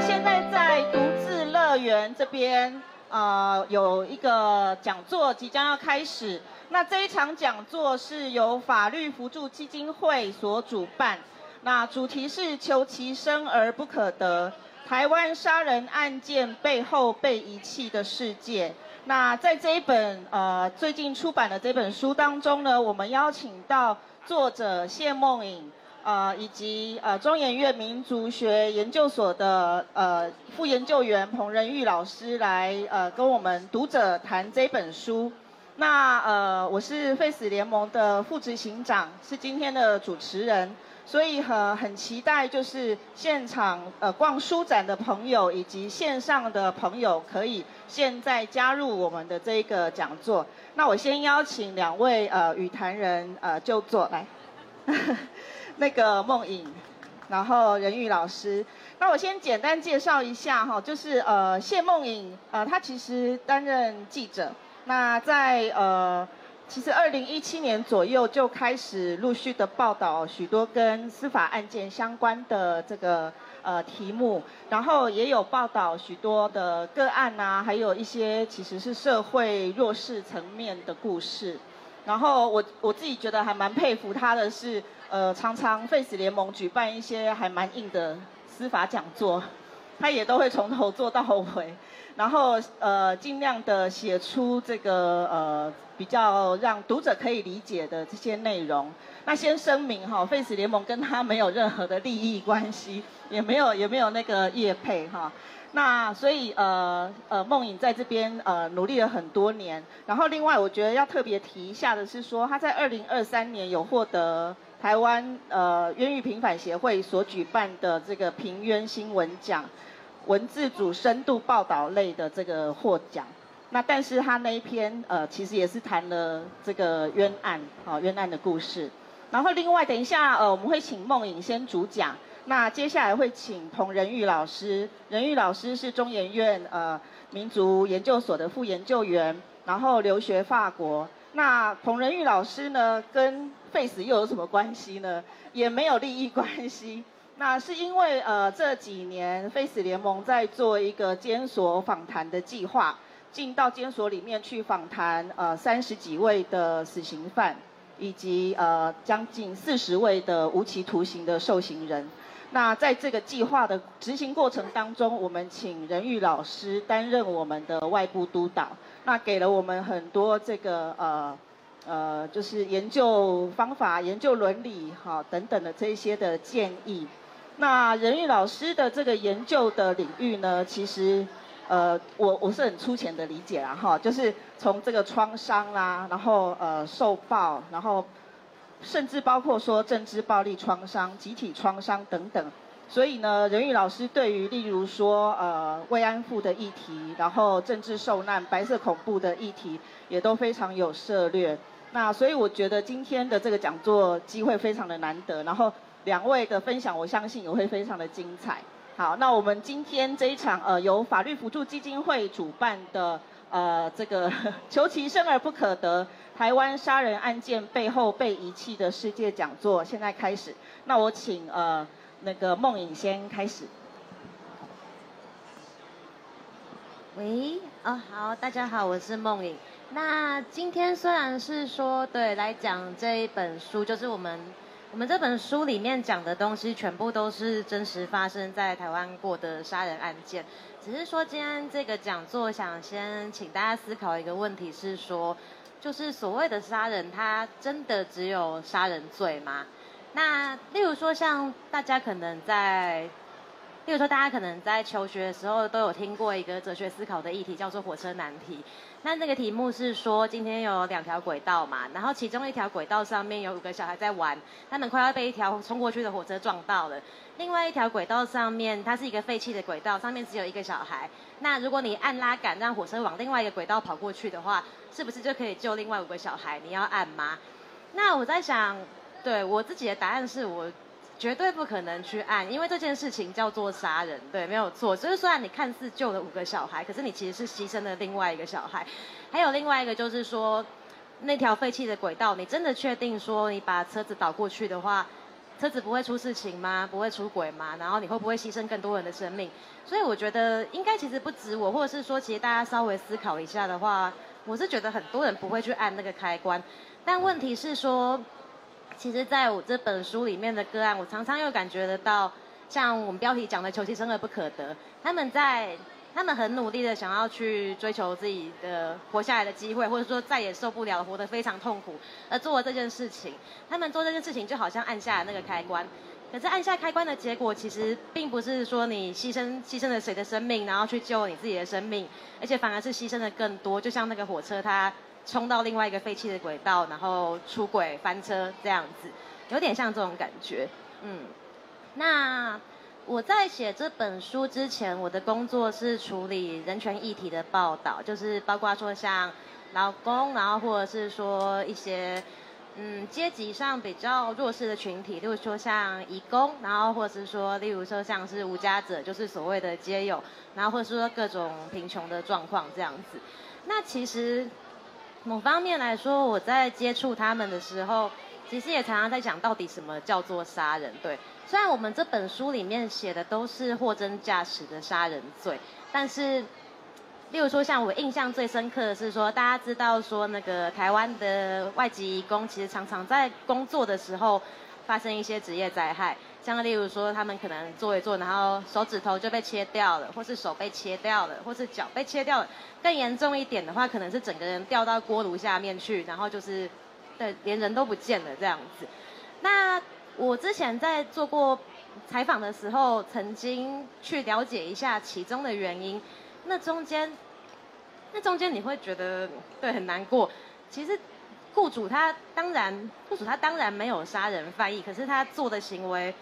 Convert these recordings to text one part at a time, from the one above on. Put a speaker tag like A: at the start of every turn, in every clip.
A: 現在在讀字樂園這邊，呃有一個講座即將要開始。那這一場講座是由法律扶助基金會所主辦，那主題是“求其生而不可得：台灣殺人案件背後被遺棄的世界”。那在這一本呃最近出版的這本書當中呢，我們邀請到作者謝孟穎。呃，以及呃，中研院民族學研究所的呃副研究員彭仁郁老師來呃跟我們讀者談這本書。那呃，我是廢死聯盟的副執行長，是今天的主持人，所以呃很期待就是現場呃逛書展的朋友以及線上的朋友可以現在加入我們的這一個講座。那我先邀請兩位呃與談人呃就座來。 那個孟穎，然後仁郁老師，那我先簡單介紹一下哈，就是呃謝孟穎，呃、穎呃她其實擔任記者，那在呃其實二零一七年左右就開始陸續的報道許多跟司法案件相關的這個呃題目，然後也有報道許多的個案吶、啊，還有一些其實是社會弱勢層面的故事。然後我我自己覺得還蠻佩服他的是，呃，常常廢死聯盟舉辦一些還蠻硬的司法講座，他也都會從頭做到尾，然後呃盡量的寫出這個呃比較讓讀者可以理解的這些內容。那先聲明哈，廢死聯盟跟他沒有任何的利益關係。也沒有也沒有那個業配哈，那所以呃呃孟穎在這邊呃努力了很多年，然後另外我覺得要特別提一下的是說，他在二零二三年有獲得台灣呃冤獄平反協會所舉辦的這個平冤新聞獎文字組深度報道類的這個獲獎，那但是他那一篇呃其實也是談了這個冤案好、哦、冤案的故事，然後另外等一下呃我們會請孟穎先主講。那接下來會請彭仁郁老師。仁郁老師是中研院呃民族研究所的副研究員，然後留學法國。那彭仁郁老師呢，跟廢死又有什麼關係呢？也沒有利益關係。那是因為呃這幾年廢死聯盟在做一個監所訪談的計劃，進到監所裡面去訪談呃三十幾位的死刑犯，以及呃將近四十位的無期徒刑的受刑人。那在這個計劃的執行過程當中，我們請仁郁老師擔任我們的外部督導，那給了我們很多這個呃呃，就是研究方法、研究倫理哈、哦、等等的這一些的建議。那仁郁老師的這個研究的領域呢，其實呃我我是很粗淺的理解啊哈，就是從這個創傷啦，然後呃受暴，然後。甚至包括說政治暴力創傷、集體創傷等等，所以呢，仁郁老師對於例如說呃慰安婦的議題，然後政治受難、白色恐怖的議題，也都非常有涉獵。那所以我覺得今天的這個講座機會非常的難得，然後兩位的分享我相信也會非常的精彩。好，那我們今天這一場呃由法律扶助基金會主辦的呃這個求其生而不可得。台灣殺人案件背後被遺棄的世界講座現在開始。那我請呃那個孟穎先開
B: 始。喂，哦好，大家好，我是孟穎。那今天雖然是說對來講這一本書，就是我們我們這本書裡面講的東西全部都是真實發生在台灣過的殺人案件，只是說今天這個講座想先請大家思考一個問題，是說。就是所謂的殺人，他真的只有殺人罪嗎？那例如說，像大家可能在，例如說大家可能在求學的時候都有聽過一個哲學思考的議題，叫做火車難題。那那個題目是說，今天有兩條軌道嘛，然後其中一條軌道上面有五個小孩在玩，他們快要被一條衝過去的火車撞到了。另外一條軌道上面，它是一個廢棄的軌道，上面只有一個小孩。那如果你按拉桿讓火車往另外一個軌道跑過去的話，是不是就可以救另外五個小孩？你要按嗎？那我在想，對，我自己的答案是我。絕對不可能去按，因為這件事情叫做殺人，對，沒有錯。就是雖然你看似救了五個小孩，可是你其實是犧牲了另外一個小孩。還有另外一個就是說，那條廢棄的軌道，你真的確定說你把車子倒過去的話，車子不會出事情嗎？不會出軌嗎？然後你會不會犧牲更多人的生命？所以我覺得應該其實不止我，或者是說其實大家稍微思考一下的話，我是覺得很多人不會去按那個開關。但問題是說。其實，在我這本書裡面的個案，我常常又感覺得到，像我們標題講的“求其生而不可得”，他們在他們很努力的想要去追求自己的活下來的機會，或者說再也受不了活得非常痛苦，而做了這件事情。他們做這件事情就好像按下了那個開關，可是按下開關的結果，其實並不是說你犧牲犧牲了誰的生命，然後去救你自己的生命，而且反而是犧牲了更多。就像那個火車，它。衝到另外一個廢棄的軌道，然後出軌翻車，這樣子，有點像這種感覺。嗯，那我在寫這本書之前，我的工作是處理人權議題的報道，就是包括說像勞工，然後或者是說一些嗯階級上比較弱勢的群體，例如說像移工，然後或者是說例如說像是無家者，就是所謂的街友，然後或者是說各種貧窮的狀況這樣子。那其實。某方面來說，我在接觸他們的時候，其實也常常在講到底什麼叫做殺人。對，雖然我們這本書裡面寫的都是貨真價實的殺人罪，但是，例如說像我印象最深刻的是說，大家知道說那個台灣的外籍移工，其實常常在工作的時候發生一些職業災害。像例如說，他們可能做一做，然後手指頭就被切掉了，或是手被切掉了，或是腳被切掉了。更嚴重一點的話，可能是整個人掉到鍋爐下面去，然後就是，對，連人都不見了這樣子。那我之前在做過採訪的時候，曾經去了解一下其中的原因。那中間，那中間你會覺得對很難過。其實，雇主他當然，雇主他當然沒有殺人犯意，可是他做的行為。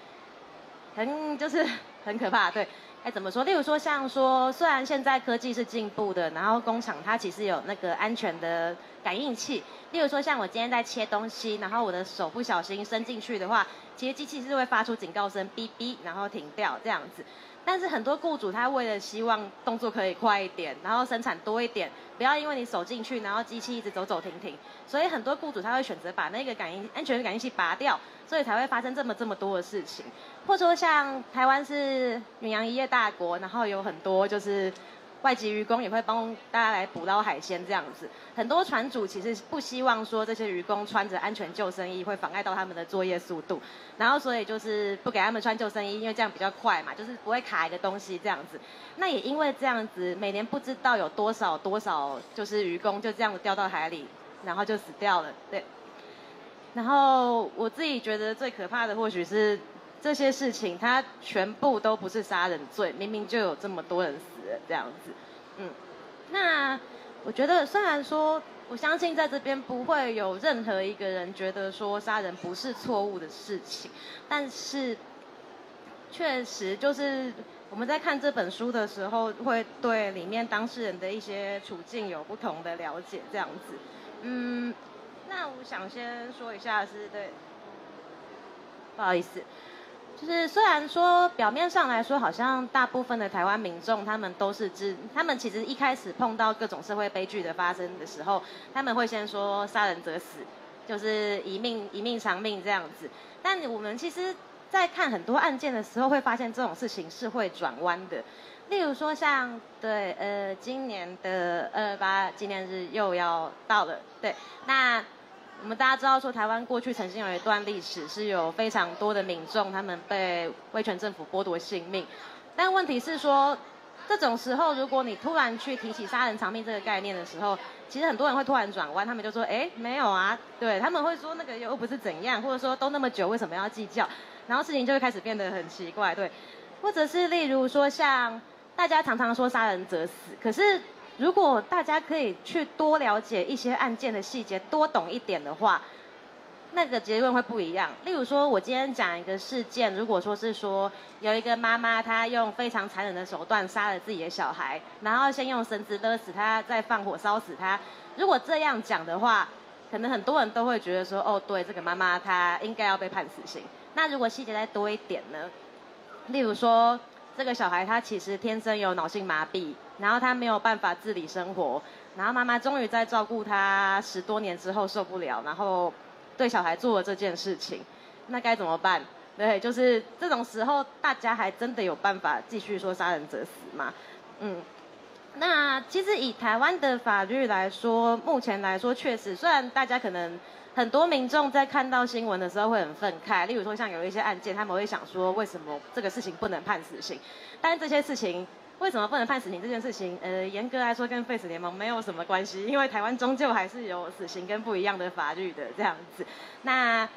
B: 很就是很可怕，對，哎，怎麼說？例如說像說，雖然現在科技是進步的，然後工廠它其實有那個安全的感應器。例如說像我今天在切東西，然後我的手不小心伸進去的話，其實機器是會發出警告聲“嗶嗶”，然後停掉這樣子。但是很多僱主他為了希望動作可以快一點，然後生產多一點，不要因為你手進去，然後機器一直走走停停，所以很多僱主他會選擇把那個感應安全的感應器拔掉，所以才會發生這麼這麼多的事情。或者說像台灣是遠洋漁業大國，然後有很多就是。外籍漁工也會幫大家來捕撈海鮮，這樣子。很多船主其實不希望說這些漁工穿着安全救生衣會妨礙到他們的作業速度，然後所以就是不給他們穿救生衣，因為這樣比較快嘛，就是不會卡一個東西這樣子。那也因為這樣子，每年不知道有多少多少就是漁工就這樣子掉到海裡，然後就死掉了。對。然後我自己覺得最可怕的或許是這些事情，它全部都不是殺人罪，明明就有這麼多人。這樣子，嗯，那我覺得雖然說，我相信在這邊不會有任何一個人覺得說殺人不是錯誤的事情，但是確實就是我們在看這本書的時候，會對裡面當事人的一些處境有不同的了解，這樣子，嗯，那我想先說一下是對，嗯，不好意思。就是雖然說表面上來說，好像大部分的台灣民眾他們都是知，他們其實一開始碰到各種社會悲劇的發生的時候，他們會先說殺人者死，就是一命一命償命這樣子。但我們其實，在看很多案件的時候，會發現這種事情是會轉彎的。例如說，像對呃，今年的二二八紀念日又要到了，對，那。我們大家知道說，台灣過去曾經有一段歷史，是有非常多的民眾他們被威權政府剝奪性命。但問題是說，這種時候如果你突然去提起殺人償命這個概念的時候，其實很多人會突然轉彎，他們就說：哎、欸，沒有啊，對他們會說那個又不是怎樣，或者說都那麼久，為什麼要計較？然後事情就會開始變得很奇怪，對。或者是例如說，像大家常常說殺人者死，可是。如果大家可以去多了解一些案件的細節，多懂一點的話，那個結論會不一樣。例如說，我今天講一個事件，如果說是說有一個媽媽，她用非常殘忍的手段殺了自己的小孩，然後先用繩子勒死他，再放火燒死他。如果這樣講的話，可能很多人都會覺得說，哦，對，這個媽媽她應該要被判死刑。那如果細節再多一點呢？例如說，這個小孩他其實天生有腦性麻痹。然後他沒有辦法自理生活，然後媽媽終於在照顧他十多年之後受不了，然後對小孩做了這件事情，那該怎麼辦？對，就是這種時候，大家還真的有辦法繼續說殺人者死嗎？嗯，那其實以台灣的法律來說，目前來說確實，雖然大家可能很多民眾在看到新聞的時候會很憤慨，例如說像有一些案件，他們會想說為什麼這個事情不能判死刑，但這些事情。為什麼不能判死刑這件事情？呃，嚴格來說跟廢死聯盟沒有什麼關係，因為台灣終究還是有死刑跟不一樣的法律的這樣子。那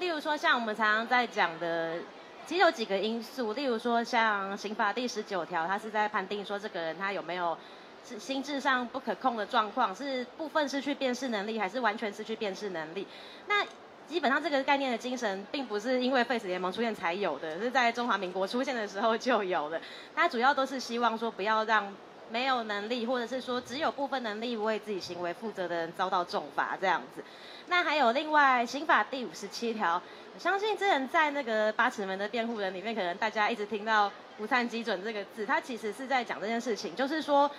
B: 例如說像我們常常在講的，其實有幾個因素。例如說像刑法第十九條，它是在判定說這個人他有沒有是心智上不可控的狀況，是部分失去辨識能力，還是完全失去辨識能力？那基本上，這個概念的精神並不是因為廢死聯盟出現才有的，是在中華民國出現的時候就有了。它主要都是希望說，不要讓沒有能力，或者是說只有部分能力為自己行為負責的人遭到重罰這樣子。那還有另外刑法第五十七條，我相信之前在那個八尺門的辯護人裡面，可能大家一直聽到無三基準這個字，他其實是在講這件事情，就是說，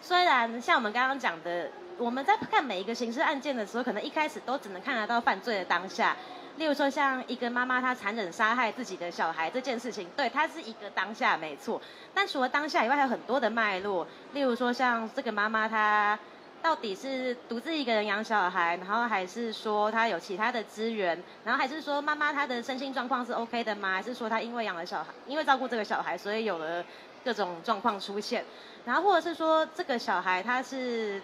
B: 雖然像我們剛剛講的。我們在看每一個刑事案件的時候，可能一開始都只能看得到犯罪的當下。例如說，像一個媽媽她殘忍殺害自己的小孩這件事情，對她是一個當下沒錯。但除了當下以外，還有很多的脈絡。例如說，像這個媽媽她到底是獨自一個人養小孩，然後還是說她有其他的資源，然後還是說媽媽她的身心狀況是 OK 的嗎？還是說她因為養了小孩，因為照顧這個小孩，所以有了各種狀況出現？然後或者是說這個小孩他是？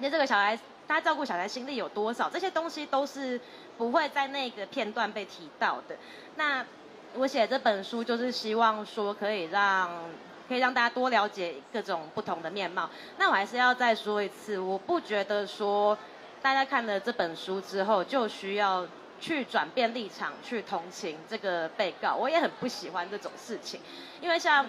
B: 那這個小孩，大家照顧小孩心力有多少？這些東西都是不會在那個片段被提到的。那我寫這本書就是希望說，可以讓可以讓大家多了解各種不同的面貌。那我還是要再說一次，我不覺得說大家看了這本書之後就需要去轉變立場，去同情這個被告。我也很不喜歡這種事情，因為像。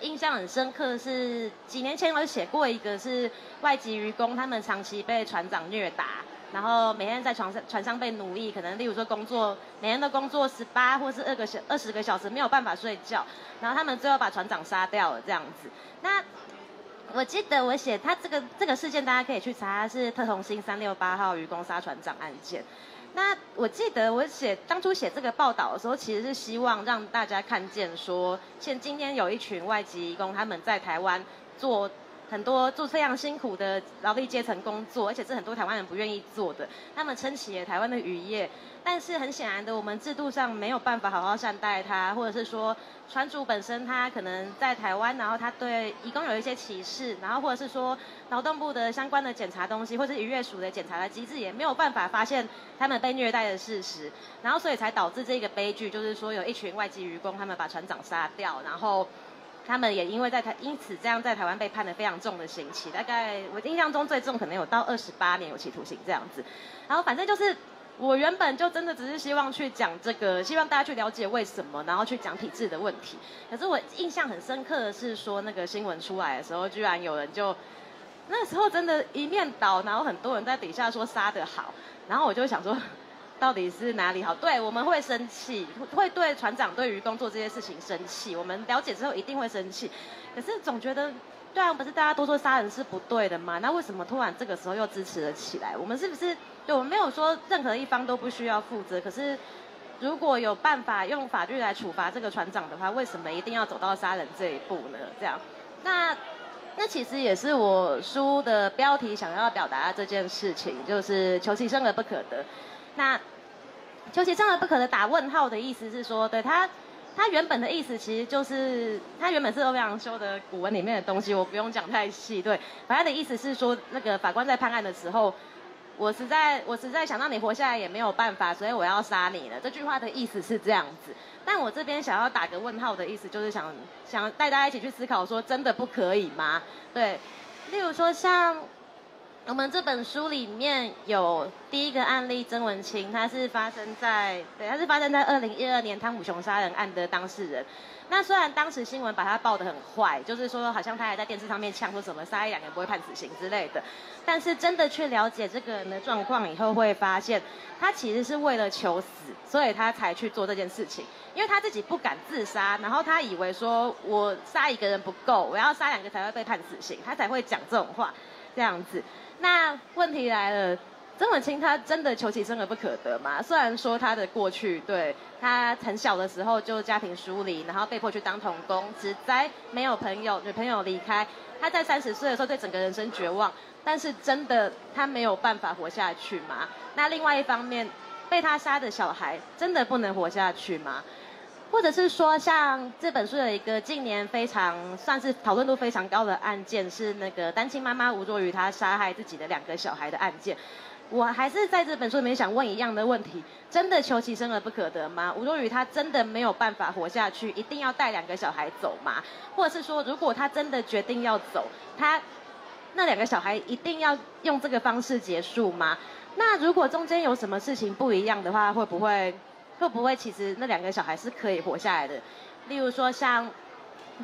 B: 印象很深刻是幾年前我寫過一個是外籍漁工，他們長期被船長虐打，然後每天在船上船上被奴役，可能例如說工作每天都工作十八或是二個小二十個小時沒有辦法睡覺，然後他們最後把船長殺掉了這樣子。那我記得我寫他這個這個事件，大家可以去查，是特宏興三六八號漁工殺船長案件。那我記得我寫當初寫這個報道的時候，其實是希望讓大家看見說，現今天有一群外籍工他們在台灣做。很多做這樣辛苦的勞力階層工作，而且是很多台灣人不願意做的，他們撐起了台灣的漁業。但是很顯然的，我們制度上沒有辦法好好善待他，或者是說船主本身他可能在台灣，然後他對移工有一些歧視，然後或者是說勞動部的相關的檢查東西，或者是漁業署的檢查的機制也沒有辦法發現他們被虐待的事實，然後所以才導致這個悲劇，就是說有一群外籍漁工他們把船長殺掉，然後。他們也因為在台，因此這樣在台灣被判了非常重的刑期，大概我印象中最重可能有到二十八年有期徒刑這樣子。然後反正就是，我原本就真的只是希望去講這個，希望大家去了解為什麼，然後去講體制的問題。可是我印象很深刻的是說，說那個新聞出來的時候，居然有人就那時候真的一面倒，然後很多人在底下說殺得好，然後我就想說。到底是哪裡好？對，我們會生氣，會對船長、對漁工做這些事情生氣。我們了解之後一定會生氣。可是總覺得，對啊，不是大家都說殺人是不對的嗎？那為什麼突然這個時候又支持了起來？我們是不是？對，我們沒有說任何一方都不需要負責。可是如果有辦法用法律來處罰這個船長的話，為什麼一定要走到殺人這一步呢？這樣，那那其實也是我書的標題想要表達的這件事情，就是求其生而不可得。那，求其生而不可得打問號的意思是說，對他，他原本的意思其實就是他原本是歐陽修的古文裡面的東西，我不用講太細。對，反正他的意思是說，那個法官在判案的時候，我實在我實在想讓你活下來也沒有辦法，所以我要殺你了。這句話的意思是這樣子，但我這邊想要打個問號的意思就是想想帶大家一起去思考，說真的不可以嗎？對，例如說像。我們這本書裡面有第一個案例，曾文清，他是發生在對，他是發生在二零一二年湯姆熊殺人案的當事人。那雖然當時新聞把他報得很壞，就是說好像他還在電視上面嗆，說什麼殺一兩個人不會判死刑之類的。但是真的去了解這個人的狀況以後，會發現他其實是為了求死，所以他才去做這件事情。因為他自己不敢自殺，然後他以為說，我殺一個人不夠，我要殺兩個才會被判死刑，他才會講這種話，這樣子。那問題來了，曾文欽他真的求其生而不可得嗎？雖然說他的過去對他很小的時候就家庭疏離，然後被迫去當童工，只在沒有朋友、女朋友離開，他在三十歲的時候對整個人生絕望，但是真的他沒有辦法活下去嗎？那另外一方面，被他殺的小孩真的不能活下去嗎？或者是說，像這本書的一個近年非常算是討論度非常高的案件，是那個單親媽媽吳卓宇她殺害自己的兩個小孩的案件。我還是在這本書裡面想問一樣的問題：真的求其生而不可得嗎？吳卓宇她真的沒有辦法活下去，一定要帶兩個小孩走嗎？或者是說，如果她真的決定要走，她那兩個小孩一定要用這個方式結束嗎？那如果中間有什麼事情不一樣的話，會不會？會不會其實那兩個小孩是可以活下來的？例如說像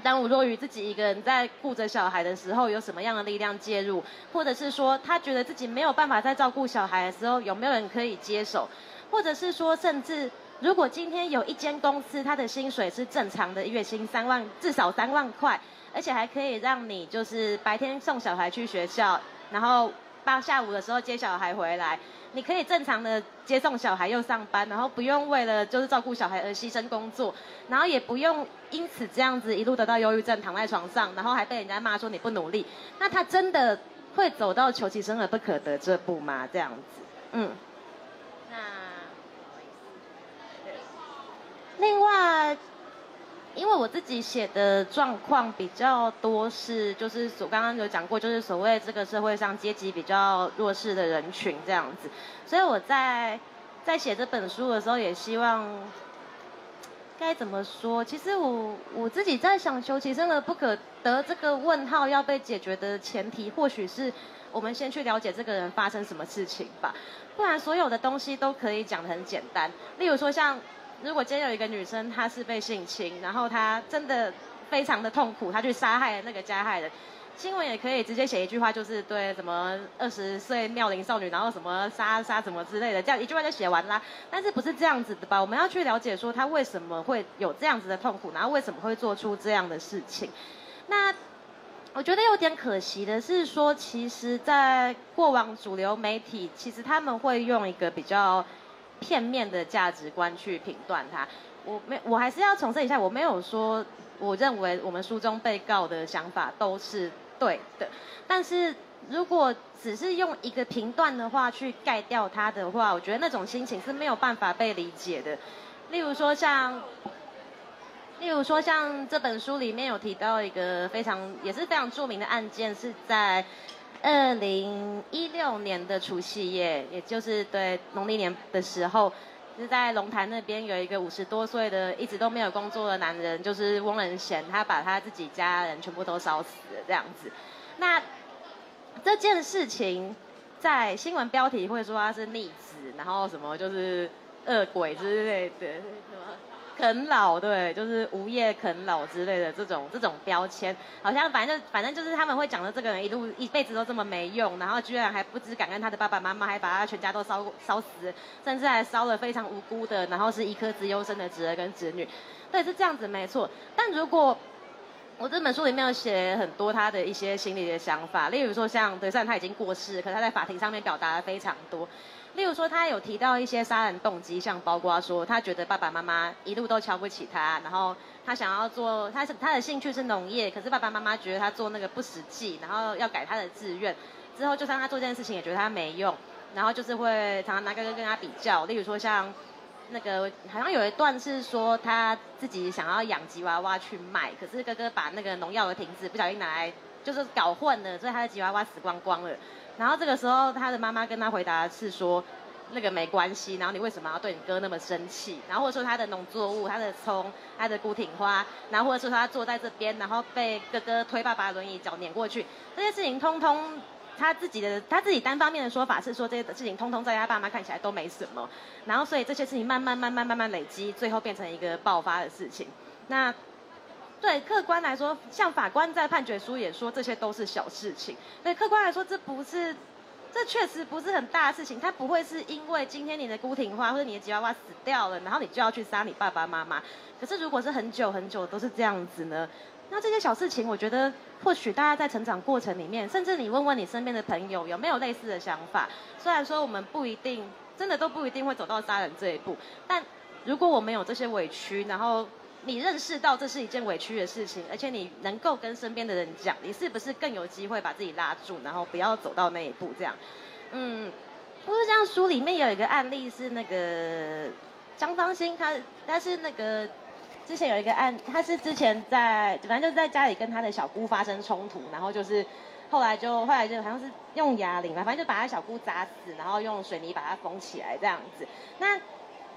B: 當吳若雨自己一個人在顧着小孩的時候，有什麼樣的力量介入？或者是說他覺得自己沒有辦法再照顧小孩的時候，有沒有人可以接手？或者是說，甚至如果今天有一間公司，他的薪水是正常的月薪三萬，至少三萬塊，而且還可以讓你就是白天送小孩去學校，然後，八下午的時候接小孩回來，你可以正常的接送小孩又上班，然後不用為了就是照顧小孩而犧牲工作，然後也不用因此這樣子一路得到憂鬱症躺在床上，然後還被人家罵說你不努力。那他真的會走到求其生而不可得這步嗎？這樣子，嗯，那另外。因為我自己寫的狀況比較多是，就是所剛剛有講過，就是所謂這個社會上階級比較弱勢的人群這樣子，所以我在在寫這本書的時候，也希望該怎麼說？其實我我自己在想，求其生而不可得這個問號要被解決的前提，或許是我們先去了解這個人發生什麼事情吧，不然所有的東西都可以講得很簡單，例如說像。如果今天有一個女生，她是被性侵，然後她真的非常的痛苦，她去殺害那個加害人，新聞也可以直接寫一句話，就是對，什麼二十歲妙齡少女，然後什麼殺殺什麼之類的，這樣一句話就寫完啦。但是不是這樣子的吧？我們要去了解說她為什麼會有這樣子的痛苦，然後為什麼會做出這樣的事情。那我覺得有點可惜的是說，說其實，在過往主流媒體，其實他們會用一個比較。片面的價值觀去評斷它，我沒，我還是要重申一下，我沒有說我認為我們書中被告的想法都是對的，但是如果只是用一個評斷的話去蓋掉它的話，我覺得那種心情是沒有辦法被理解的。例如說像，例如說像這本書裡面有提到一個非常也是非常著名的案件是在。二零一六年的除夕夜，也就是對農曆年的時候，就是在龍潭那邊有一個五十多歲的、一直都沒有工作的男人，就是翁仁賢，他把他自己家人全部都燒死了這樣子。那這件事情，在新聞標題會說他是逆子，然後什麼就是惡鬼之類的什麼。對對啃老，對，就是無業啃老之類的這種這種標籤，好像反正反正就是他們會講的這個人一路一輩子都這麼沒用，然後居然還不知感恩，他的爸爸媽媽還把他全家都燒燒死，甚至還燒了非常無辜的，然後是一顆資優生的侄兒跟侄女，對，是這樣子沒錯。但如果我這本書裡面有寫很多他的一些心理的想法，例如說像，對，雖然他已經過世，可是他在法庭上面表達的非常多。例如說他有提到一些殺人動機，像包括說他覺得爸爸媽媽一路都瞧不起他，然後他想要做，他是他的興趣是農業，可是爸爸媽媽覺得他做那個不實際，然後要改他的志願，之後就算他做這件事情也覺得他沒用，然後就是會常常拿哥哥跟他比較，例如說像。那個好像有一段是說他自己想要養吉娃娃去賣，可是哥哥把那個農藥的瓶子不小心拿來，就是搞混了，所以他的吉娃娃死光光了。然後這個時候他的媽媽跟他回答的是說，那個沒關係。然後你為什麼要對你哥那麼生氣？然後或者說他的農作物，他的蔥，他的孤挺花，然後或者說他坐在這邊，然後被哥哥推爸爸的輪椅腳碾過去，這些事情通通。他自己的他自己單方面的說法是說這些事情通通在他爸媽看起來都沒什麼，然後所以這些事情慢慢慢慢慢慢累積，最後變成一個爆發的事情。那對客觀來說，像法官在判決書也說這些都是小事情。對客觀來說，這不是這確實不是很大的事情。他不會是因為今天你的孤挺花或者你的吉娃娃死掉了，然後你就要去殺你爸爸媽媽。可是如果是很久很久都是這樣子呢？那這些小事情，我覺得。或許大家在成長過程裡面，甚至你問問你身邊的朋友有沒有類似的想法。雖然說我們不一定，真的都不一定會走到殺人這一步，但如果我們有這些委屈，然後你認識到這是一件委屈的事情，而且你能夠跟身邊的人講，你是不是更有機會把自己拉住，然後不要走到那一步？這樣，嗯，不，就是這樣。書裡面有一個案例是那個張芳心，他但是那個。之前有一個案，他是之前在，反正就是在家裡跟他的小姑發生衝突，然後就是後來就後來就好像是用啞鈴嘛，反正就把他小姑砸死，然後用水泥把她封起來這樣子。那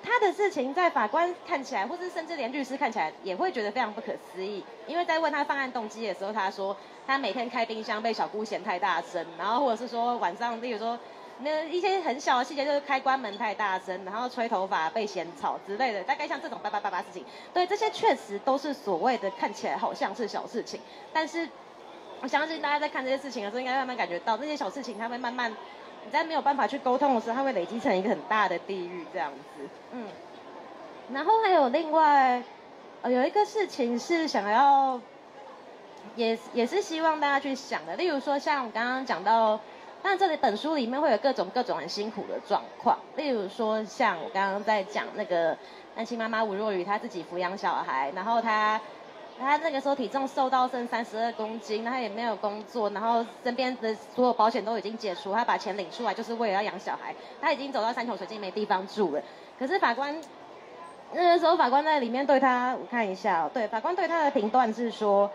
B: 他的事情在法官看起來，或是甚至連律師看起來也會覺得非常不可思議，因為在問他犯案動機的時候，他說他每天開冰箱被小姑嫌太大聲，然後或者是說晚上，例如說。那一些很小的細節，就是開關門太大聲，然後吹頭髮被嫌吵之類的，大概像這種叭叭叭叭事情，對，這些確實都是所謂的看起來好像是小事情，但是我相信大家在看這些事情的時候，應該慢慢感覺到那些小事情，它會慢慢你在沒有辦法去溝通的時候，它會累積成一個很大的地獄這樣子。嗯，然後還有另外，呃，有一個事情是想要，也是也是希望大家去想的，例如說像我剛剛講到。但這裡本書裡面會有各種各種很辛苦的狀況，例如說像我剛剛在講那個單親媽媽吳若雨，她自己撫養小孩，然後她她那個時候體重瘦到剩三十二公斤，她也沒有工作，然後身邊的所有保險都已經解除，她把錢領出來就是為了要養小孩，她已經走到山窮水盡沒地方住了。可是法官那個時候法官在裡面對她，我看一下喔，對法官對她的評斷是說。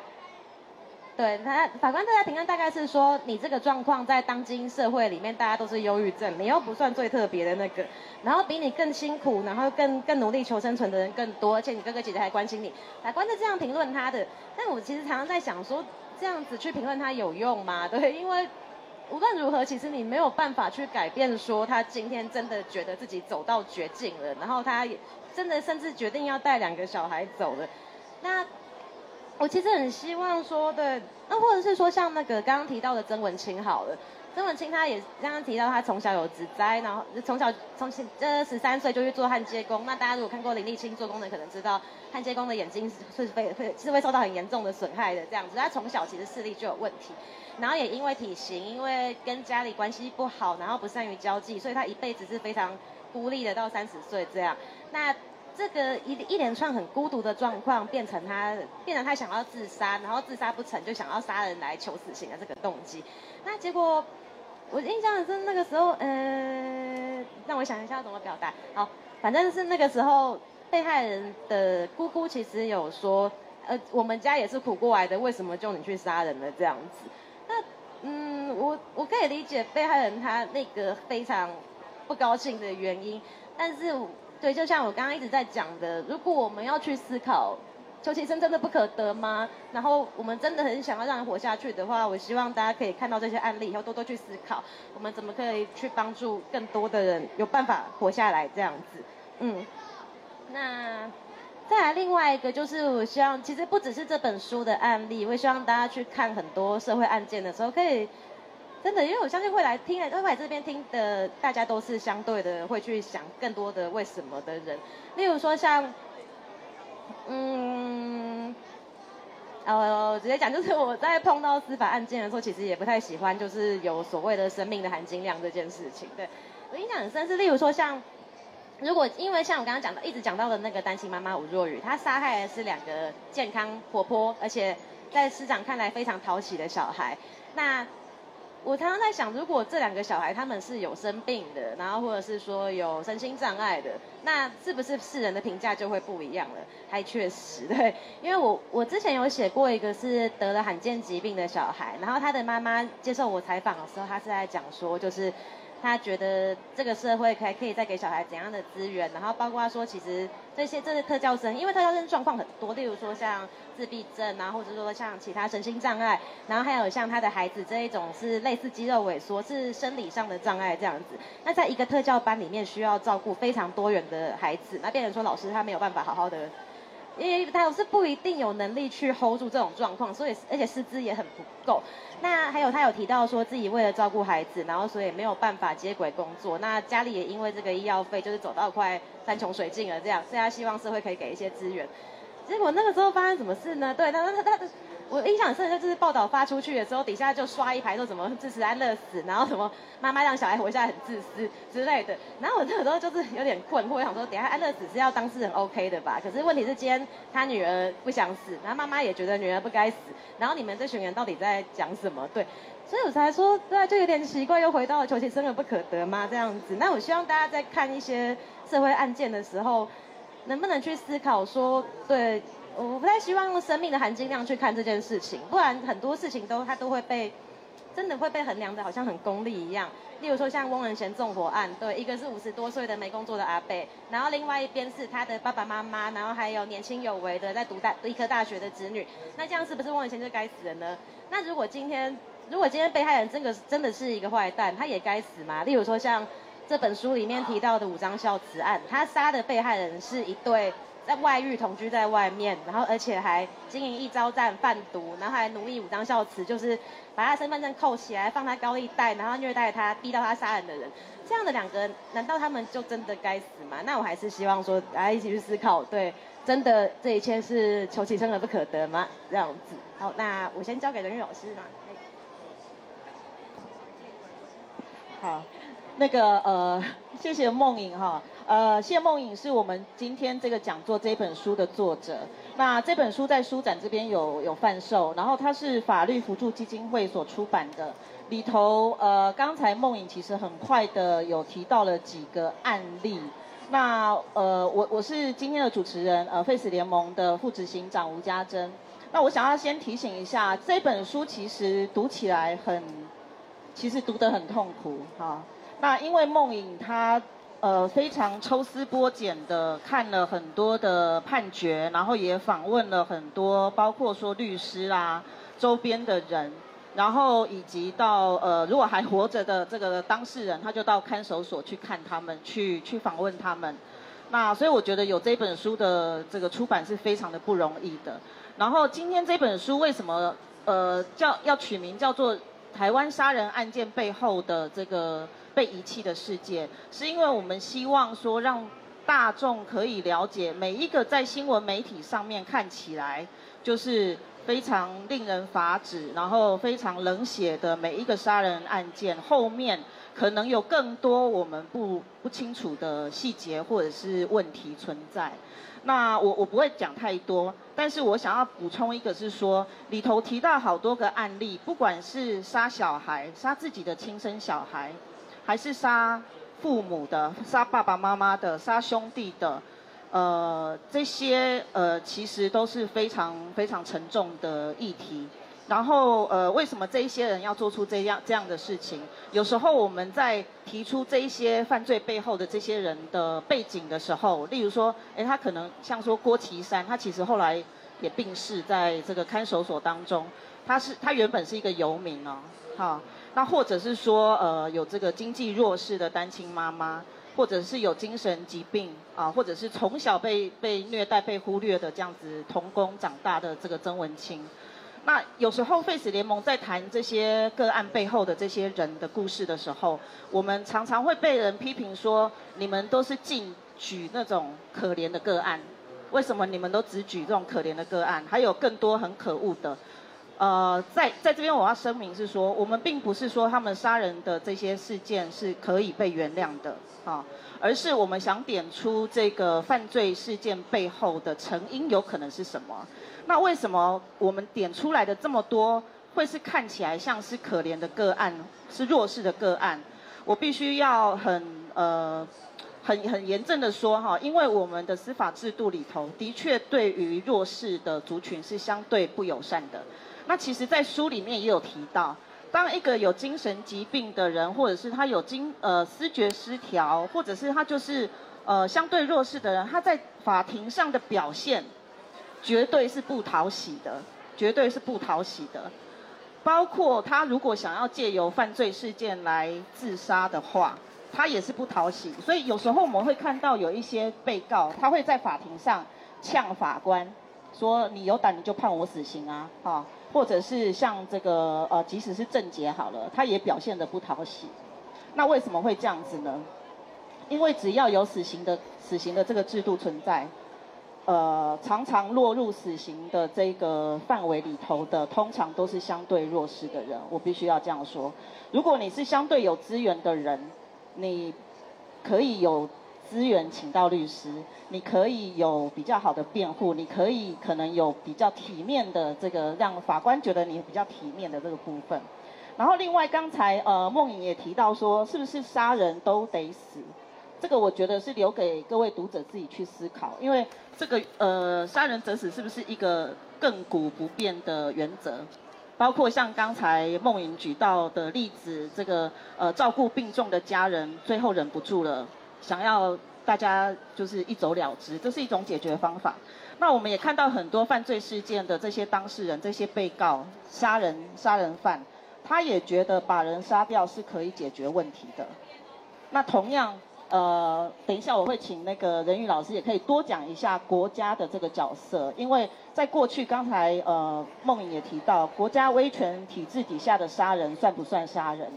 B: 對他法官對他評論大概是說，你這個狀況在當今社會裡面，大家都是憂鬱症，你又不算最特別的那個，然後比你更辛苦，然後更更努力求生存的人更多，而且你哥哥姐姐還關心你，法官是這樣評論他的。但我其實常常在想說，這樣子去評論他有用嗎？對，因為無論如何，其實你沒有辦法去改變說他今天真的覺得自己走到絕境了，然後他真的甚至決定要帶兩個小孩走了。那。我其實很希望說，對，那或者是說像那個剛剛提到的曾文清好了，曾文清他也剛剛提到他從小有植災，然後從小從前這十三歲就去做焊接工。那大家如果看過林立青做工的，可能知道焊接工的眼睛是會，是會，是會受到很嚴重的損害的這樣子。他從小其實視力就有問題，然後也因為體型，因為跟家裡關係不好，然後不善於交際，所以他一輩子是非常孤立的到三十歲這樣。那這個一一連串很孤獨的狀況，變成他變成他想要自殺，然後自殺不成就想要殺人來求死刑的這個動機。那結果，我印象的是，那個時候，嗯、呃，讓我想一下要怎麼表達。好，反正是那個時候，被害人的姑姑其實有說，呃，我們家也是苦過來的，為什麼就你去殺人了這樣子？那嗯，我我可以理解被害人他那個非常不高興的原因，但是。對，就像我剛剛一直在講的，如果我們要去思考，求其生真的不可得嗎？然後我們真的很想要讓人活下去的話，我希望大家可以看到這些案例以後，多多去思考，我們怎麼可以去幫助更多的人有辦法活下來這樣子。嗯，那再來另外一個就是，我希望其實不只是這本書的案例，我也希望大家去看很多社會案件的時候可以。真的，因為我相信會來聽的、會來這邊聽的，大家都是相對的會去想更多的為什麼的人。例如說像，嗯，呃、哦，直接講就是我在碰到司法案件的時候，其實也不太喜歡就是有所謂的生命的含金量這件事情。對，我印象很深是，例如說像，如果因為像我剛剛講到一直講到的那個單親媽媽吳若雨，她殺害的是兩個健康活潑而且在師長看來非常討喜的小孩，那。我常常在想，如果這兩個小孩他們是有生病的，然後或者是說有身心障礙的，那是不是世人的評價就會不一樣了？還確實，對，因為我我之前有寫過一個是得了罕見疾病的小孩，然後他的媽媽接受我採訪的時候，他是在講說就是。他覺得這個社會還可以再給小孩怎樣的資源？然後包括他說，其實這些這些特教生，因為特教生狀況很多，例如說像自閉症啊，或者說像其他身心障礙，然後還有像他的孩子這一種是類似肌肉萎縮，是生理上的障礙這樣子。那在一個特教班裡面，需要照顧非常多元的孩子，那變成說老師他沒有辦法好好的。因為他有是不一定有能力去 hold 住這種狀況，所以而且師資也很不夠。那還有他有提到說自己為了照顧孩子，然後所以沒有辦法接軌工作。那家裡也因為這個醫藥費就是走到快山窮水盡了這樣，所以他希望社會可以給一些資源。結果那個時候發生什麼事呢？對，他他他。他我印象深的就是報道發出去的時候，底下就刷一排說什麼支持安樂死，然後什麼媽媽讓小孩活下來很自私之類的。然後我這個時候就是有點困惑，我想說，等下安樂死是要當事人 OK 的吧？可是問題是今天他女兒不想死，然後媽媽也覺得女兒不該死。然後你們這群人到底在講什麼？對，所以我才說，對，就有點奇怪，又回到了求其生而不可得嗎？這樣子。那我希望大家在看一些社會案件的時候，能不能去思考說，對。我不太希望用生命的含金量去看這件事情，不然很多事情都它都會被真的會被衡量的好像很功利一樣。例如說像翁仁賢縱火案，對，一個是五十多歲的沒工作的阿伯，然後另外一邊是他的爸爸媽媽，然後還有年輕有為的在讀大醫科大學的子女，那這樣是不是翁仁賢就該死的呢？那如果今天如果今天被害人真的真的是一個壞蛋，他也該死嗎？例如說像這本書裡面提到的五張孝慈案，他殺的被害人是一對，在外遇同居在外面，然後而且還經營一招站販毒，然後還奴役五當孝慈，就是把他身份證扣起來，放他高利貸，然後虐待他，逼到他殺人的人，這樣的兩個人，難道他們就真的該死嗎？那我還是希望說大家一起去思考，對，真的這一切是求其生而不可得嗎？這樣子。好，那我先交給仁郁老師嘛。
C: 好。
A: 那個呃，謝謝孟穎哈，呃，謝孟穎是我們今天這個講座這本書的作者。那這本書在書展這邊有有販售，然後它是法律扶助基金會所出版的。裡頭呃，剛才孟穎其實很快的有提到了幾個案例。那呃，我我是今天的主持人，呃，廢死聯盟的副執行長吳佳臻。那我想要先提醒一下，這本書其實讀起來很，其實讀得很痛苦哈。哦那因為孟穎他呃非常抽絲剝繭的看了很多的判決，然後也訪問了很多，包括說律師啊、周邊的人，然後以及到呃如果還活着的這個當事人，他就到看守所去看他們，去去訪問他們。那所以我覺得有這本書的這個出版是非常的不容易的。然後今天這本書為什麼呃叫要取名叫做《台灣殺人案件背後的這個》被遺棄的世界，是因為我們希望說，讓大眾可以了解每一個在新聞媒體上面看起來就是非常令人發指，然後非常冷血的每一個殺人案件，後面可能有更多我們不不清楚的細節或者是問題存在。那我我不會講太多，但是我想要補充一個是說，裡頭提到好多個案例，不管是殺小孩，殺自己的親生小孩。還是殺父母的，殺爸爸媽媽的，殺兄弟的，呃，這些呃，其實都是非常非常沉重的議題。然後呃，為什麼這一些人要做出這樣這樣的事情？有時候我們在提出這一些犯罪背後的這些人的背景的時候，例如說，哎，他可能像說郭岐山，他其實後來也病逝在這個看守所當中，他是他原本是一個遊民哦，哈、哦。那或者是說，呃，有這個經濟弱勢的單親媽媽，或者是有精神疾病啊、呃，或者是從小被被虐待、被忽略的這樣子童工長大的這個曾文欽。那有時候廢死聯盟在談這些個案背後的這些人的故事的時候，我們常常會被人批評說，你們都是盡舉那種可憐的個案，為什麼你們都只舉這種可憐的個案？還有更多很可惡的。呃，在在這邊我要聲明是說，我們並不是說他們殺人的這些事件是可以被原諒的啊、哦，而是我們想點出這個犯罪事件背後的成因有可能是什麼。那為什麼我們點出來的這麼多會是看起來像是可憐的個案，是弱勢的個案？我必須要很呃很很嚴正的說哈、哦，因為我們的司法制度裡頭的確對於弱勢的族群是相對不友善的。那其實，在書裡面也有提到，當一個有精神疾病的人，或者是他有精呃思覺失調，或者是他就是呃相對弱勢的人，他在法庭上的表現，絕對是不討喜的，絕對是不討喜的。包括他如果想要借由犯罪事件來自殺的話，他也是不討喜。所以有時候我們會看到有一些被告，他會在法庭上嗆法官，說你有膽你就判我死刑啊，哈、哦。或者是像這個呃，即使是鄭捷好了，他也表現得不討喜。那為什麼會這樣子呢？因為只要有死刑的死刑的這個制度存在，呃，常常落入死刑的這個範圍裡頭的，通常都是相對弱勢的人。我必須要這樣說。如果你是相對有資源的人，你可以有。資源請到律師，你可以有比較好的辯護，你可以可能有比較體面的這個讓法官覺得你比較體面的這個部分。然後另外，剛才呃孟穎也提到說，是不是殺人都得死？這個我覺得是留給各位讀者自己去思考，因為這個呃殺人者死是不是一個亙古不變的原則？包括像剛才孟穎舉到的例子，這個呃照顧病重的家人，最後忍不住了。想要大家就是一走了之，這是一種解決方法。那我們也看到很多犯罪事件的這些當事人、這些被告、殺人殺人犯，他也覺得把人殺掉是可以解決問題的。那同樣，呃，等一下我會請那個仁郁老師，也可以多講一下國家的這個角色，因為在過去，剛才呃孟穎也提到，國家威權體制底下的殺人算不算殺人？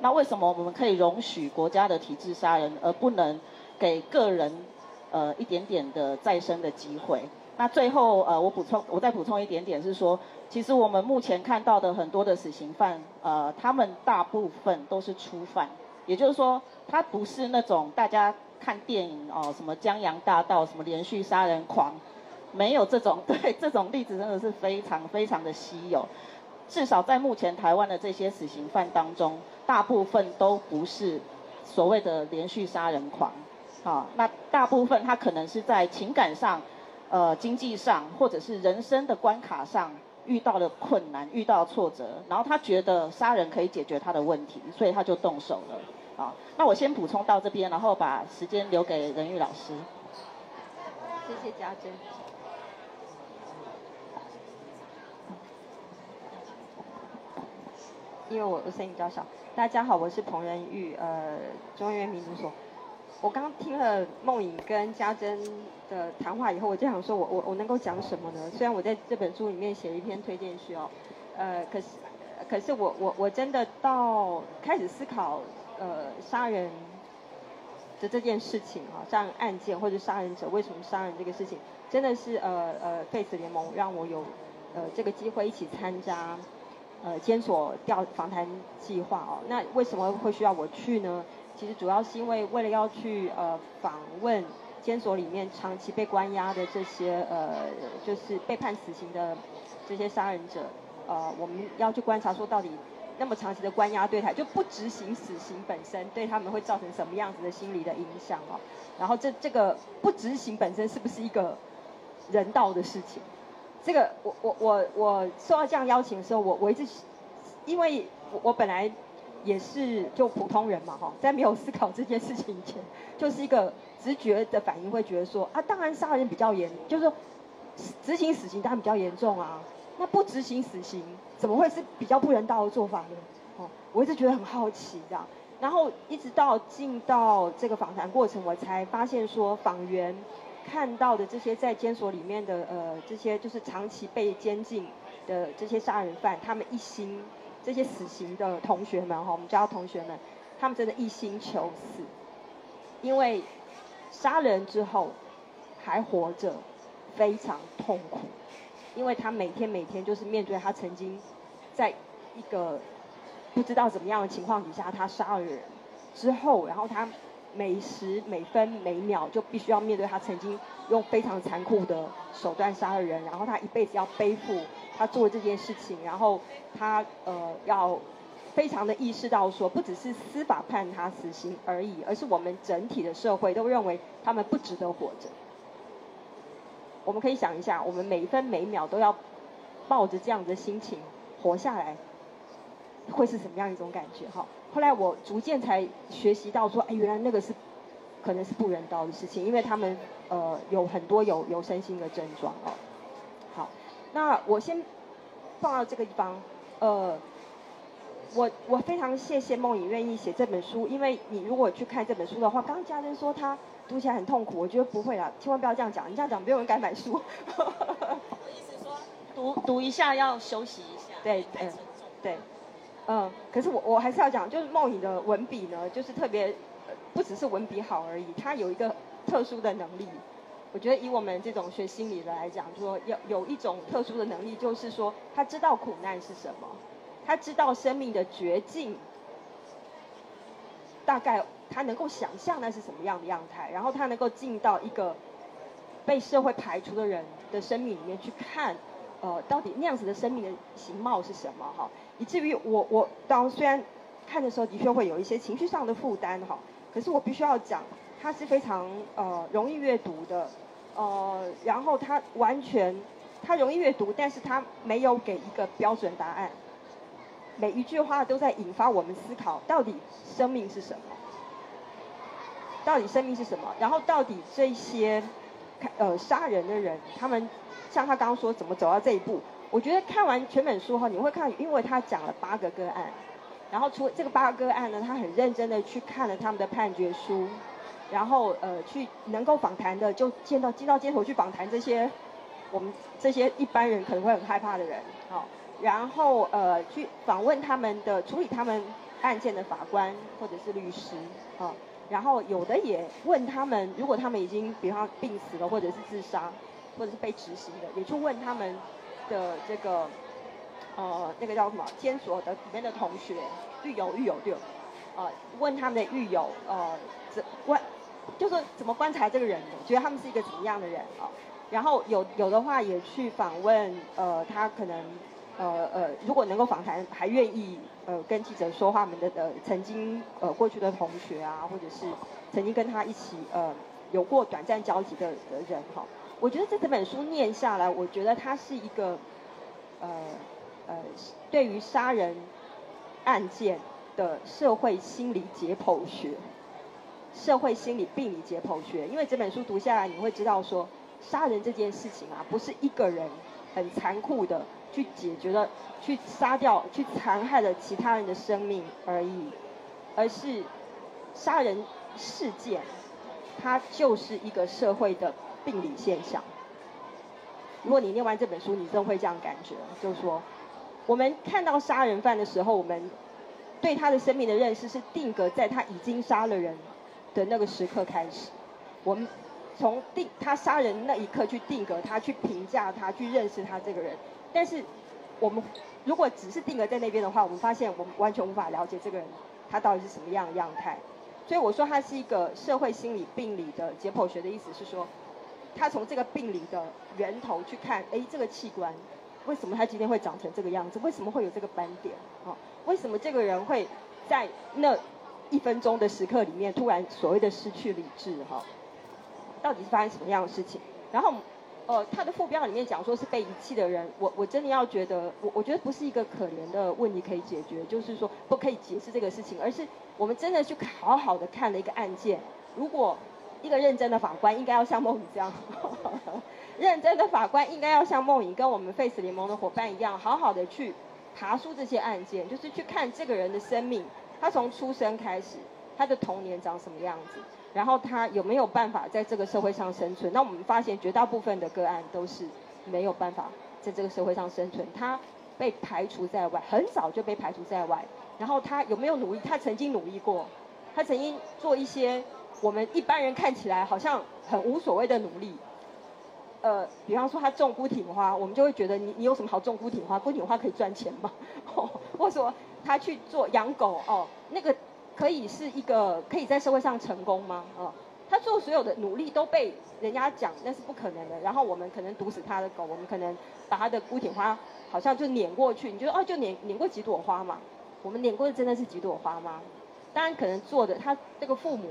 A: 那為什麼我們可以容許國家的體制殺人，而不能給個人呃一點點的再生的機會？那最後呃我補充，我再補充一點點是說，其實我們目前看到的很多的死刑犯，呃，他們大部分都是初犯，也就是說，他不是那種大家看電影哦，呃，什麼江洋大盜，什麼連續殺人狂，沒有這種，對，這種例子真的是非常非常的稀有。至少在目前台灣的這些死刑犯當中，大部分都不是所謂的連續殺人狂，啊、哦，那大部分他可能是在情感上、呃經濟上，或者是人生的關卡上遇到了困難、遇到挫折，然後他覺得殺人可以解決他的問題，所以他就動手了，啊、哦，那我先補充到這邊，然後把時間留給仁郁老師。
C: 謝謝佳臻。
D: 因為我的聲音比較小，大家好，我是彭仁郁，呃，中央民族所。我剛聽了孟穎跟佳臻的談話以後，我就想說我、我我我能夠講什麼呢？雖然我在這本書裡面寫一篇推薦序哦，呃，可是可是我我我真的到開始思考，呃，殺人、的這件事情哈、哦，殺人案件或者殺人者為什麼殺人這個事情，真的是呃呃，廢、呃、死聯盟讓我有呃這個機會一起參加。呃，監所調訪談計劃哦，那為什麼會需要我去呢？其實主要是因為為了要去呃訪問監所裡面長期被關押的這些呃，就是被判死刑的這些殺人者，呃，我們要去觀察說到底那麼長期的關押對他，就不執行死刑本身對他們會造成什麼樣子的心理的影響哦，然後這這個不執行本身是不是一個人道的事情？這個我我我我受到這樣邀請的時候，我我一直因為我我本來也是就普通人嘛哈，在沒有思考這件事情以前，就是一個直覺的反應，會覺得說啊，當然殺人比較嚴，就是說執行死刑當然比較嚴重啊，那不執行死刑怎麼會是比較不人道的做法呢？哦，我一直覺得很好奇這樣，然後一直到進到這個訪談過程，我才發現說訪員。看到的這些在監所裡面的呃，這些就是長期被監禁的這些殺人犯，他們一心這些死刑的同學們哈，我們叫同學們，他們真的一心求死，因為殺人之後還活着非常痛苦，因為他每天每天就是面對他曾經在一個不知道怎麼樣的情況底下他殺了人之後，然後他。每時每分每秒就必須要面對他曾經用非常殘酷的手段殺了人，然後他一輩子要背負他做的這件事情，然後他呃要非常的意識到說，不只是司法判他死刑而已，而是我們整體的社會都認為他們不值得活着。我們可以想一下，我們每分每秒都要抱着這樣子的心情活下來。會是什麼樣一種感覺哈？後來我逐漸才學習到說，哎，原來那個是，可能是不人道的事情，因為他們，呃，有很多有有身心的症狀哦。好，那我先放到這個地方，呃，我我非常謝謝孟穎願意寫這本書，因為你如果去看這本書的話，剛剛佳臻說他讀起來很痛苦，我覺得不會啦，千萬不要這樣講，你這樣講，沒有人敢買書。我意思說，讀讀一下要休息一下，對對、嗯、對。嗯，可是我我還是要講，就是孟穎的文筆呢，就是特別、呃，不只是文筆好而已，他有一個特殊的能力。我覺得以我們這種學心理的來講，說有有一種特殊的能力，就是說他知道苦難是什麼，他知道生命的絕境，大概他能夠想象那是什麼樣的樣態，然後他能夠進到一個被社會排除的人的生命裡面去看，呃，到底那樣子的生命的形貌是什麼哈。以至於我我當雖然看的時候的確會有一些情緒上的負擔哈，可是我必須要講，他是非常呃容易閱讀的，呃，然後他完全他容易閱讀，但是他沒有給一個標準答案，每一句話都在引發我們思考到底生命是什麼，到底生命是什麼，然後到底這些呃殺人的人，他們像他剛剛說怎麼走到這一步？我覺得看完全本書後，你會看，因為他講了八個個案，然後除了這個八個個案呢，他很認真的去看了他們的判決書，然後呃，去能夠訪談的就見到，進到街頭去訪談這些，我們這些一般人可能會很害怕的人，好，然後呃，去訪問他們的處理他們案件的法官或者是律師，好，然後有的也問他們，如果他們已經，比方說病死了，或者是自殺，或者是被執行的，也去問他們。的這個，呃，那個叫什麼監所的裡面的同學，獄友，獄友對，呃，問他們的獄友，呃，怎觀，就是說怎麼觀察這個人呢，覺得他們是一個怎麼樣的人啊、哦？然後有有的話也去訪問，呃，他可能，呃呃，如果能夠訪談，還願意呃跟記者說話們的的、呃、曾經呃過去的同學啊，或者是曾經跟他一起呃有過短暫交集的的人哈。哦我覺得這這本書念下來，我覺得它是一個，呃，呃，對於殺人案件的社會心理解剖學、社會心理病理解剖學。因為這本書讀下來，你會知道說，殺人這件事情啊，不是一個人很殘酷的去解決了、去殺掉、去殘害了其他人的生命而已，而是殺人事件，它就是一個社會的。病理現象。如果你念完這本書，你真會這樣感覺，就是說，我們看到殺人犯的時候，我們對他的生命的認識是定格在他已經殺了人的那個時刻開始。我們從定他殺人那一刻去定格他，去評價他，去認識他這個人。但是，我們如果只是定格在那邊的話，我們發現我們完全無法了解這個人他到底是什麼樣的樣態。所以我說他是一個社會心理病理的解剖學的意思是說。他從這個病理的源頭去看，哎，這個器官為什麼他今天會長成這個樣子？為什麼會有這個斑點？好、哦，為什麼這個人會在那一分鐘的時刻裡面突然所謂的失去理智？哈、哦，到底是發生什麼樣的事情？然後，呃，他的副標裡面講說是被遺棄的人，我我真的要覺得，我我覺得不是一個可憐的問題可以解決，就是說不可以解釋這個事情。而是我們真的去好好的看了一個案件，如果。一個認真的法官應該要像孟穎這樣， 認真的法官應該要像孟穎，跟我們廢死聯盟的夥伴一樣，好好的去爬梳這些案件，就是去看這個人的生命，他從出生開始，他的童年長什麼樣子，然後他有沒有辦法在這個社會上生存？那我們發現絕大部分的個案都是沒有辦法在這個社會上生存，他被排除在外，很早就被排除在外，然後他有沒有努力？他曾經努力過？他曾經做一些？我們一般人看起來好像很無所謂的努力，呃，比方說他種孤挺花，我們就會覺得你你有什麼好種孤挺花，孤挺花可以賺錢嗎？或者說他去做養狗哦，那個可以是一個可以在社會上成功嗎？啊、哦，他做所有的努力都被人家講那是不可能的。然後我們可能毒死他的狗，我們可能把他的孤挺花好像就碾過去，你覺得哦就碾碾過幾朵花嘛？我們碾過的真的是幾朵花嗎？當然可能做的他這個父母。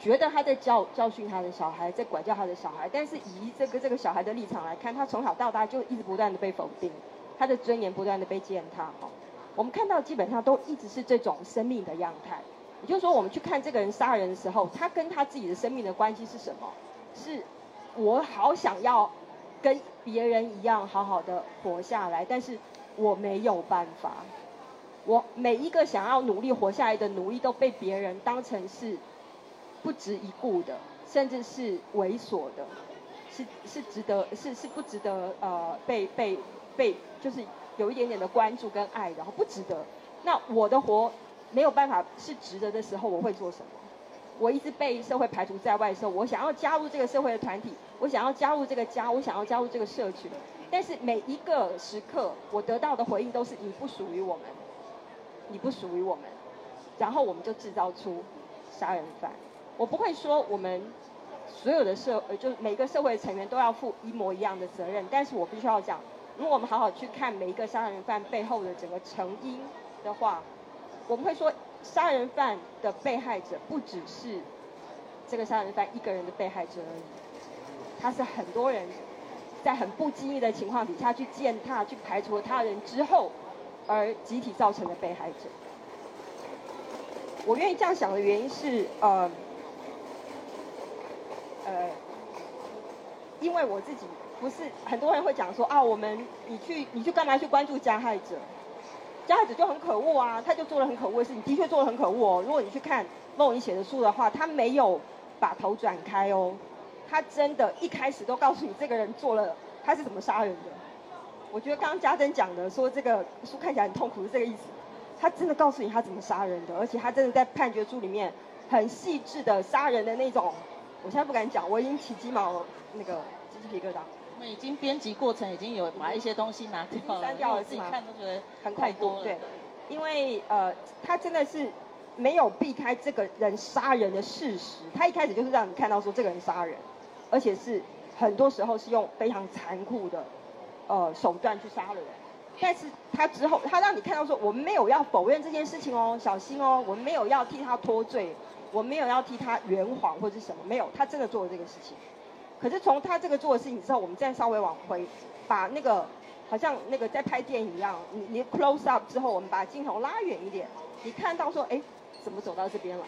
D: 覺得他在教教訓他的小孩，在管教他的小孩，但是以這個這個小孩的立場來看，他從小到大就一直不斷的被否定，他的尊嚴不斷的被踐踏。哦，我們看到基本上都一直是這種生命的樣態。也就是說，我們去看這個人殺人的時候，他跟他自己的生命的關係是什麼？是，我好想要跟別人一樣好好的活下來，但是我沒有辦法。我每一個想要努力活下來的努力都被別人當成是，不值一顧的，甚至是猥瑣的，是是值得是是不值得呃被被被就是有一點點的關注跟愛，然後不值得。那我的活沒有辦法是值得的時候，我會做什麼？我一直被社會排除在外的時候，我想要加入這個社會的團體，我想要加入這個家，我想要加入這個社群。但是每一個時刻，我得到的回應都是你不屬於我們，你不屬於我們，然後我們就製造出殺人犯。我不會說我們所有的社，呃，就是每一個社會成員都要負一模一樣的責任，但是我必須要講，如果我們好好去看每一個殺人犯背後的整個成因的話，我們會說，殺人犯的被害者不只是這個殺人犯一個人的被害者而已，他是很多人在很不經意的情況底下去踐踏、去排除了他人之後而集體造成的被害者。我願意這樣想的原因是，呃。呃、嗯，因為我自己不是很多人會講說啊，我們你去你去幹嘛去關注加害者？加害者就很可惡啊，他就做了很可惡的事。你的確做了很可惡哦。如果你去看孟穎寫的書的話，他沒有把頭轉開哦，他真的一開始都告訴你這個人做了他是怎麼殺人的。我覺得剛剛佳臻講的說這個書看起來很痛苦是這個意思，他真的告訴你他怎麼殺人的，而且他真的在判決書裡面很細緻的殺人的那種。我現在不敢講，我已經起雞毛，那個雞皮疙瘩。我們已經編輯過程已經有把一些東西拿掉了，刪掉了，自己看都覺得很快多。對，因為呃，他真的是沒有避開這個人殺人的事實。他一開始就是讓你看到說，這個人殺人，而且是很多時候是用非常殘酷的呃手段去殺人。但是他之後，他讓你看到說，我們沒有要否認這件事情哦，小心哦，我們沒有要替他脫罪。我沒有要替他圓謊或者什麼，沒有，他真的做了這個事情。可是從他這個做的事情之後，我們再稍微往回，把那個好像那個在拍電影一樣，你你 close up 之後，我們把鏡頭拉遠一點，你看到說，哎、欸，怎麼走到這邊
C: 來？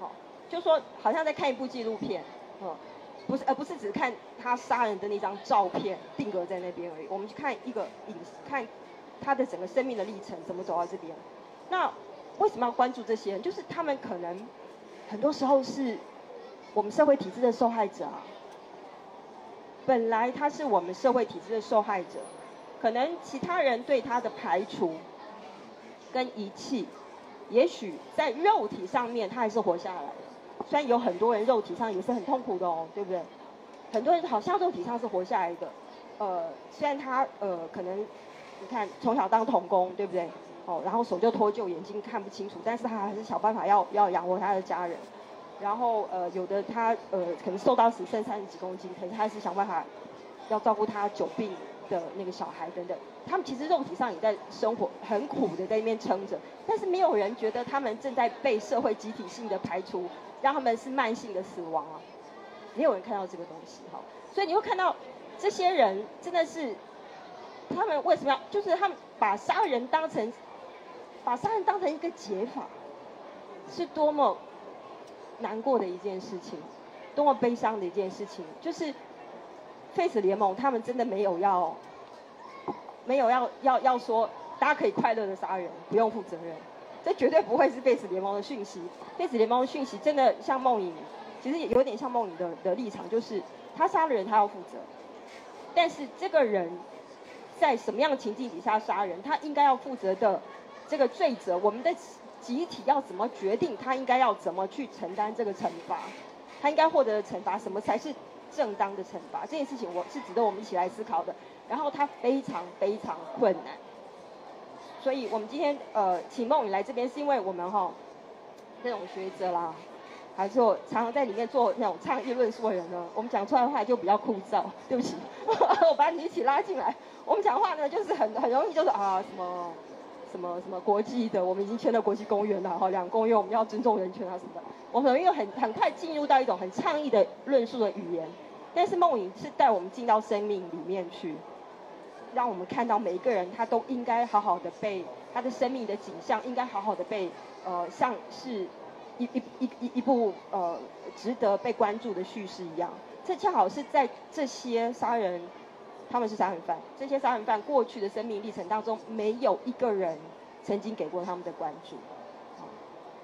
C: 哦，
D: 就說好像在看一部紀錄片，嗯，不是，而不是只看他殺人的那張照片定格在那邊而已，我們去看一個影視，看他的整個生命的歷程，怎麼走到這邊？那為什麼要關注這些人？就是他們可能。很多時候是，我們社會體制的受害者啊。本來他是我們社會體制的受害者，可能其他人對他的排除，跟遺棄，也許在肉體上面他還是活下來的。雖然有很多人肉體上也是很痛苦的哦，對不對？很多人好像肉體上是活下來的，呃，雖然他呃可能，你看從小當童工，對不對？哦，然後手就脫臼，眼睛看不清楚，但是他還是想辦法要要養活他的家人。然後呃，有的他呃可能瘦到只剩三十幾公斤，可是他還是想辦法要照顧他久病的那個小孩等等。他們其實肉體上也在生活很苦的在那邊撐着，但是沒有人覺得他們正在被社會集體性的排除，讓他們是慢性的死亡啊。沒有人看到這個東西哈，所以你會看到這些人真的是，他們為什麼要就是他們把殺人當成。把殺人當成一個解法，是多麼難過的一件事情，多麼悲傷的一件事情。就是，廢死聯盟他們真的沒有要，沒有要要要說，大家可以快樂的殺人，不用負責任。這絕對不會是廢死聯盟的訊息。廢死聯盟的訊息真的像孟穎，其實也有點像孟穎的的立場，就是他殺了人，他要負責。但是這個人，在什麼樣的情境底下殺人，他應該要負責的。這個罪責，我們的集體要怎麼決定他應該要怎麼去承擔這個懲罰？他應該獲得的懲罰，什麼才是正當的懲罰？這件事情我是值得我們一起來思考的。然後他非常非常困難，所以我們今天呃，請孟穎來這邊，是因為我們哈、哦、那種學者啦，還是常常在裡面做那種倡議論述的人呢？我們講出來的話就比較枯燥，對不起， 我把你一起拉進來，我們講話呢就是很很容易就是啊什麼。什麼什麼國際的，我們已經簽了國際公約了哈，兩公約我們要尊重人權啊什麼的。我們又很很快進入到一種很倡議的論述的語言，但是孟穎是帶我們進到生命裡面去，讓我們看到每一個人他都應該好好的被他的生命的景象應該好好的被呃像是一一一一一部呃值得被關注的敘事一樣。這恰好是在這些殺人。他們是殺人犯。這些殺人犯過去的生命歷程當中，沒有一個人曾經給過他們的關注。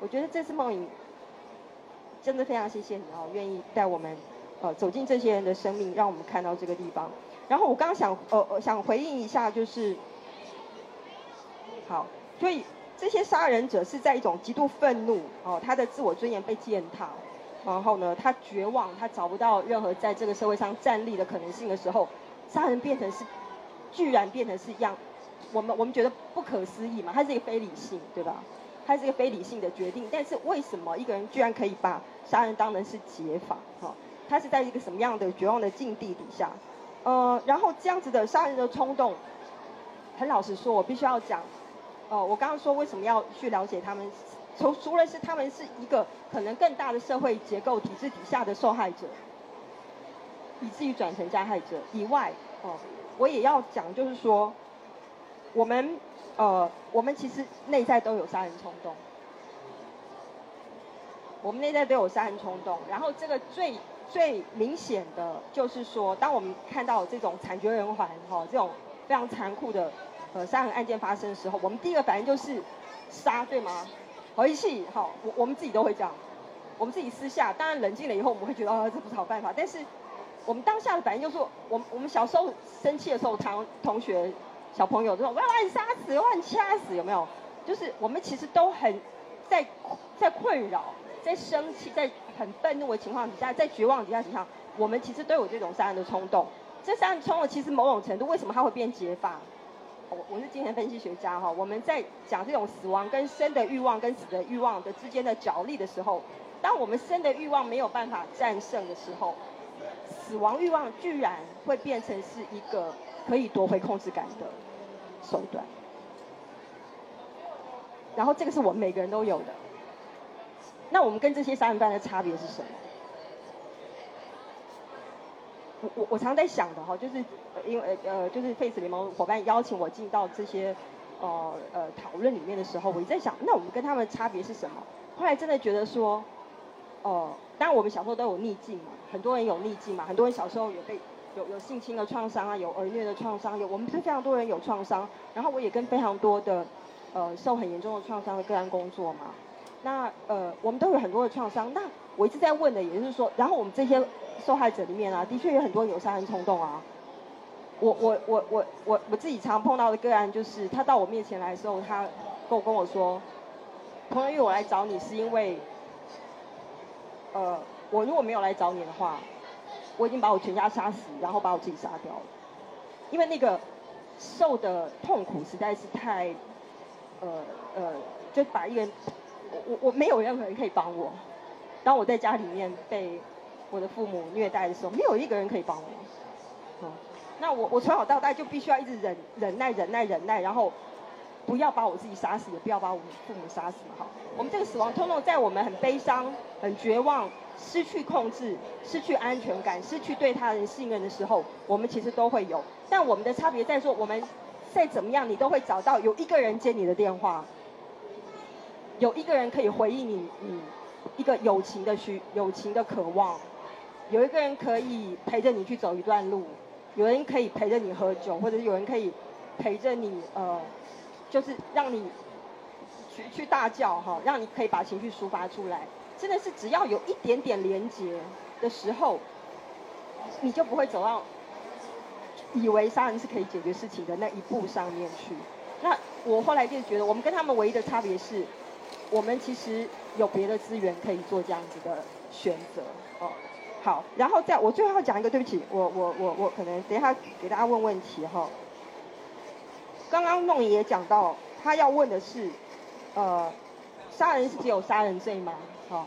D: 我覺得這次孟穎，真的非常謝謝你哦，願意帶我們呃走進這些人的生命，讓我們看到這個地方。然後我剛剛想呃呃想回應一下，就是好，所以這些殺人者是在一種極度憤怒哦，他的自我尊嚴被踐踏，踏，然後呢，他絕望，他找不到任何在這個社會上站立的可能性的時候。殺人變成是，居然變成是一樣，我們我們覺得不可思議嘛？它是一個非理性，對吧？它是一個非理性的決定。但是為什麼一個人居然可以把殺人當成是解法？哈、哦，他是在一個什麼樣的絕望的境地底下？呃，然後這樣子的殺人的衝動，很老實說，我必須要講，呃，我剛剛說為什麼要去了解他們，除除了是他們是一個可能更大的社會結構體制底下的受害者。以至於轉成加害者以外，哦，我也要講，就是說，我們，呃，我們其實內在都有殺人衝動。我們內在都有殺人衝動。然後這個最最明顯的就是說，當我們看到這種慘絕人寰、哈、哦，這種非常殘酷的，呃，殺人案件發生的時候，我們第一個反應就是殺，對嗎？回去，好，我我們自己都會講，我們自己私下，當然冷靜了以後，我們會覺得啊、哦，這不是好辦法，但是。我們當下的反應就是說我們，我我們小時候生氣的時候，同同學、小朋友都說：“我要把你殺死，我要把你掐死。死”有沒有？就是我們其實都很在在困擾，在生氣，在很憤怒的情況底下，在絕望底下情況我們其實都有這種殺人的衝動。這殺人衝動其實某種程度，為什麼它會變結發？我我是精神分析學家哈，我們在講這種死亡跟生的欲望跟死的欲望的之間的角力的時候，當我們生的欲望沒有辦法戰勝的時候。死亡欲望居然會變成是一個可以奪回控制感的手段，然後這個是我們每個人都有的。
C: 那我
D: 們跟這些殺人犯的差別是什麼？我我我我常在想的哈，就是因為呃，呃就是廢死聯盟夥伴邀請我進到這些呃呃討論裡面的時候，我一直在想，那我們跟他們的差別是什麼？後來真的覺得說。哦、呃，但我們小時候都有逆境嘛，很多人有逆境嘛，很多人小時候被有被有有性侵的創傷啊，有兒虐的創傷，有我們是非常多人有創傷，然後我也跟非常多的，呃，受很嚴重的創傷的個案工作嘛，那呃，我們都有很多的創傷，那我一直在問的也就是說，然後我們這些受害者裡面啊，的確有很多人有殺人衝動啊，我我我我我我自己常碰到的個案就是他到我面前來的時候，他跟我跟我說，朋友約我來找你是因為。呃，我如果沒有來找你的話，我已經把我全家殺死，然後把我自己殺掉了。因為那個受的痛苦實在是太，呃呃，就把一個我我我沒有任何人可以幫我。當我在家裡面被我的父母虐待的時候，沒有一個人可以幫我。
C: 嗯，
D: 那我我從小到大就必須要一直忍忍耐忍耐忍耐，然後。不要把我自己殺死，也不要把我們父母殺死。好，我們這個死亡，通通在我們很悲傷、很絕望、失去控制、失去安全感、失去對他人信任的時候，我們其實都會有。但我們的差別在說，我們再怎麼樣，你都會找到有一個人接你的電話，有一個人可以回應你，你、嗯、一個友情的需、友情的渴望，有一個人可以陪着你去走一段路，有人可以陪着你喝酒，或者是有人可以陪着你呃。就是讓你去去大叫哈，讓你可以把情緒抒發出來。真的是只要有一點點連結的時候，你就不會走到以為殺人是可以解決事情的那一步上面去。那我後來就覺得，我們跟他們唯一的差別是，我們其實有別的資源可以做這樣子的選擇哦。好，然後在我最後要講一個，對不起，我我我我可能等一下給大家問問題哈。剛剛孟穎也講到，他要問的是，呃，殺人是只有殺人罪嗎？好、哦，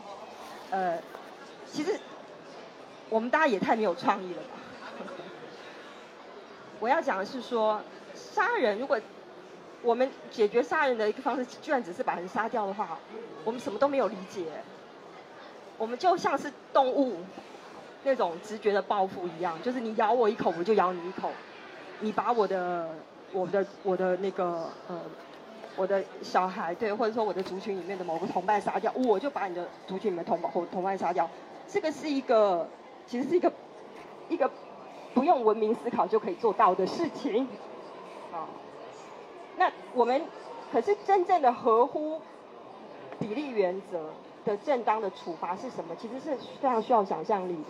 D: 呃，其實我們大家也太沒有創意了吧？ 我要講的是說，殺人如果我們解決殺人的一個方式，居然只是把人殺掉的話，我們什麼都沒有理解，我們就像是動物那種直覺的報復一樣，就是你咬我一口，我就咬你一口，你把我的。我的我的那個呃，我的小孩對，或者說我的族群裡面的某個同伴殺掉，哦，我就把你的族群裡面同夥同伴殺掉，這個是一個其實是一個一個不用文明思考就可以做到的事情。
C: 好，
D: 那我們可是真正的合乎比例原則的正當的處罰是什麼？其實是非常需要想象力的。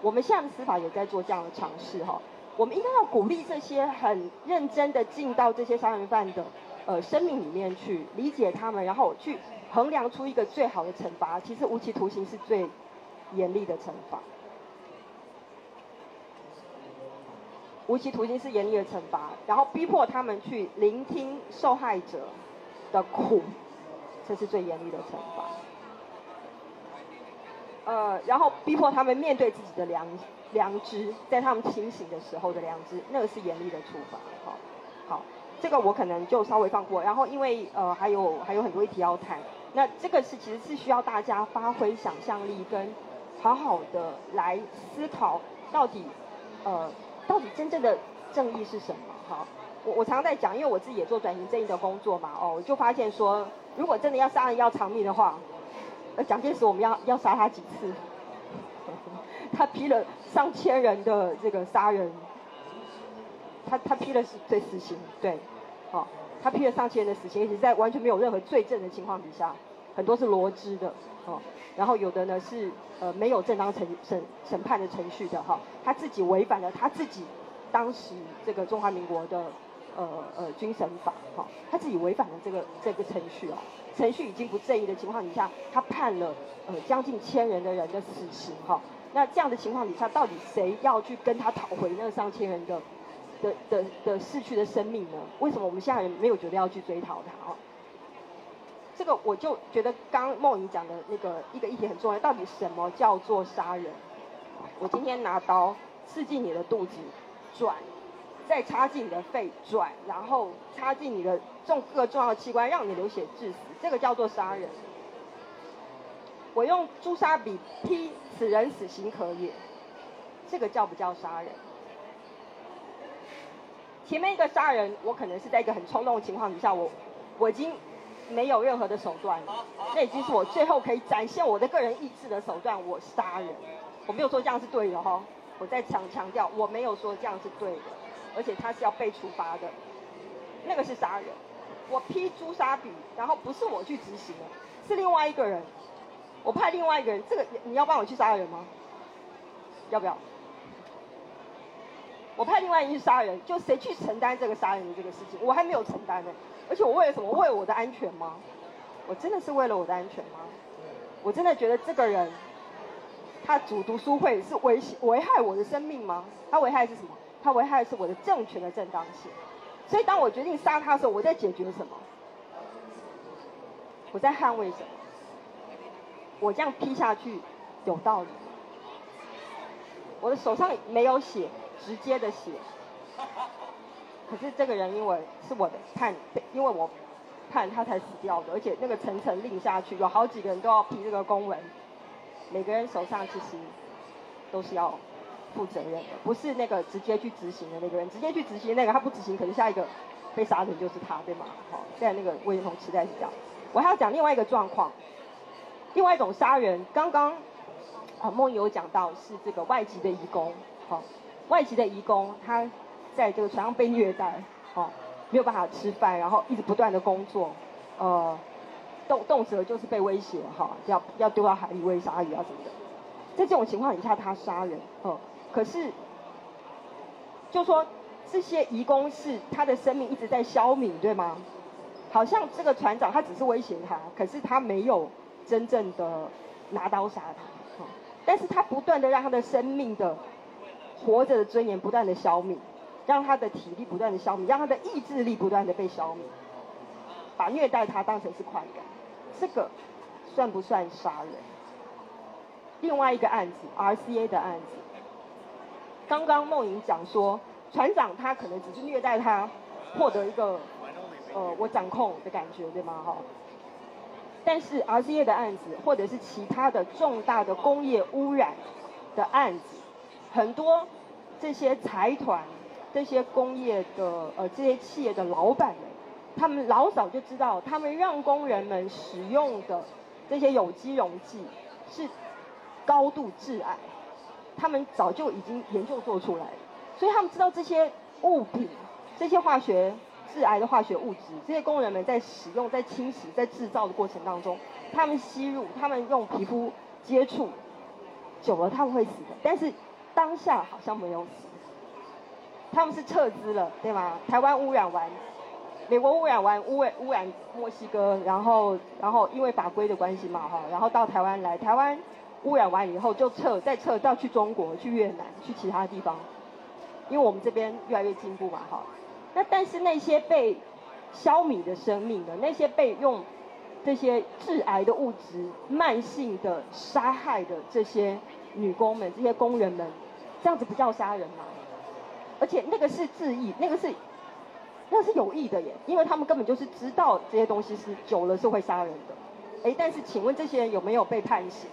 D: 我們現在的司法也在做這樣的嘗試哈。哦我們應該要鼓勵這些很認真的進到這些殺人犯的呃生命裡面去理解他們，然後去衡量出一個最好的懲罰。其實無期徒刑是最嚴厲的懲罰，無期徒刑是嚴厲的懲罰，然後逼迫他們去聆聽受害者的苦，這是最嚴厲的懲罰。呃，然後逼迫他們面對自己的良心。良知，在他們清醒的時候的良知，那個是嚴厲的處罰。好、哦，好，這個我可能就稍微放過。然後，因為呃，還有還有很多議題要談，那這個是其實是需要大家發揮想象力跟好好的來思考到底，呃，到底真正的正義是什麼？好、哦，我我常常在講，因為我自己也做轉型正義的工作嘛，哦，我就發現說，如果真的要殺人要償命的話，呃，蔣介石我們要要殺他幾次？ 他批了上千人的這個殺人，他他批了是對死刑，對、哦，他批了上千人的死刑，也是在完全沒有任何罪證的情況底下，很多是羅織的，哦，然後有的呢是呃沒有正當審審審判的程序的哈、哦，他自己違反了他自己當時這個中華民國的。呃呃，軍審法哈、哦，他自己違反了這個這個程序哦，程序已經不正義的情況底下，他判了呃將近千人的人的死刑哈。那這樣的情況底下，到底誰要去跟他討回那上千人的的的的逝去的、的生命呢？為什麼我們現在人沒有覺得要去追討他？哦，這個我就覺得剛孟穎講的那個一個議題很重要，到底什麼叫做殺人？我今天拿刀刺進你的肚子，轉。再插進你的肺，轉，然後插進你的重各個重要器官，讓你流血致死，這個叫做殺人。我用朱砂筆劈此人死刑可以，這個叫不叫殺人？前面一個殺人，我可能是在一個很衝動的情況底下，我我已經沒有任何的手段了，那已經是我最後可以展現我的個人意志的手段，我殺人。我沒有說這樣是對的哈，我再強強調，我沒有說這樣是對的。而且他是要被處罰的，那個是殺人。我批朱砂筆，然後不是我去執行的，是另外一個人。我派另外一個人，這個你，你要幫我去殺人嗎？要不要？我派另外一個人去殺人，就誰去承擔這個殺人的這個事情？我還沒有承擔呢、欸，而且我為了什麼？為了我的安全嗎？我真的是為了我的安全嗎？我真的覺得這個人，他主讀書會是危危害我的生命嗎？他危害是什麼？他危害的是我的政權的正當性，所以當我決定殺他的時候，我在解決什麼？我在捍衛什麼？我這樣批下去，有道理。我的手上沒有血，直接的血。可是這個人因為是我的判，因為我判他才死掉的，而且那個層層令下去，有好幾個人都要批這個公文，每個人手上其實都是要。負責任的，不是那個直接去執行的那個人，直接去執行的那個他不執行，可是下一個被殺人就是他，對嗎？好、哦，在那個魏云彤實在是這樣。我還要講另外一個狀況，另外一種殺人，剛剛啊孟穎、哦、有講到是這個外籍的移工，好、哦，外籍的移工他在這個船上被虐待，哦，沒有辦法吃飯，然後一直不斷的工作，呃，動動輒就是被威脅，哈、哦，要要丟到海裡餵鯊魚啊什麼的，在這種情況底下他殺人，哦。可是，就說這些移工是他的生命一直在消弭，對嗎？好像這個船長他只是威脅他，可是他沒有真正的拿刀殺他。但是他不斷的讓他的生命的活着的尊嚴不斷的消弭，讓他的體力不斷的消弭，讓他的意志力不斷的被消弭，把虐待他當成是快感，這個算不算殺人？另外一個案子，RCA 的案子。剛剛孟穎講說，船長他可能只是虐待他，獲得一個呃我掌控的感覺，對嗎？哈。但是 RCA 的案子，或者是其他的重大的工業污染的案子，很多這些財團、這些工業的呃這些企業的老闆們，他們老早就知道，他們讓工人們使用的這些有機溶劑是高度致癌。他們早就已經研究，做出來，所以他們知道這些物品，這些化學致癌的化學物質，這些工人們在使用、在清洗、在製造的過程當中，他們吸入、他們用皮膚接觸，久了他們會死的。但是當下好像沒有死，他們是撤資了，對嗎？台灣污染完，美國污染完，污染，污染墨西哥，然後然後因為法規的關係嘛，哈，然後到台灣來，台灣。污染完以後就撤，再撤到去中國、去越南、去其他地方，因為我們這邊越來越進步嘛，哈。那但是那些被消弭的生命的，那些被用這些致癌的物質、慢性的殺害的這些女工們、這些工人們，這樣子不叫殺人嗎？而且那個是致意，那個是那個是有意的耶，因為他們根本就是知道這些東西是久了是會殺人的。哎，但是請問這些人有沒有被判刑？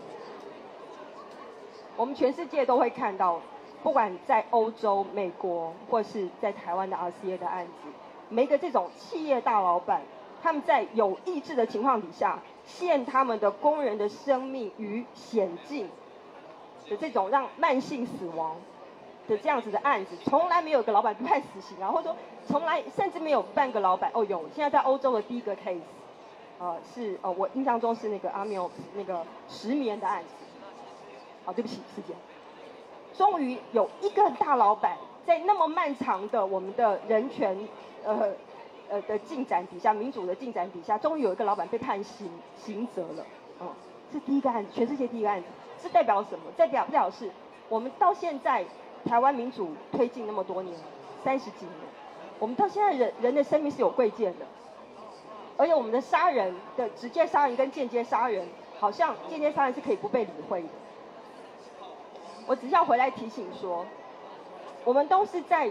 D: 我們全世界都會看到，不管在歐洲、美國，或是在台灣的 RCA 的案子，每個這種企業大老板，他們在有意志的情況底下，陷他們的工人的生命於險境的這種讓慢性死亡的這樣子的案子，從來沒有個老板被判死刑啊，或者說從來甚至沒有半個老板。哦，有，現在在歐洲的第一個 case，呃，是呃，我印象中是那個阿繆、啊、那個石綿的案子。對不起，時間。終於有一個大老板在那麼漫長的我們的人權，呃，呃的進展底下，民主的進展底下，終於有一個老板被判刑刑責了。嗯、哦，是第一個案子，全世界第一個案子，是代表什麼？代表代表是，我們到現在台灣民主推進那麼多年，三十幾年，我們到現在人人的生命是有貴賤的，而且我們的殺人的直接殺人跟間接殺人，好像間接殺人是可以不被理會的。我只需要回來提醒說，我們都是在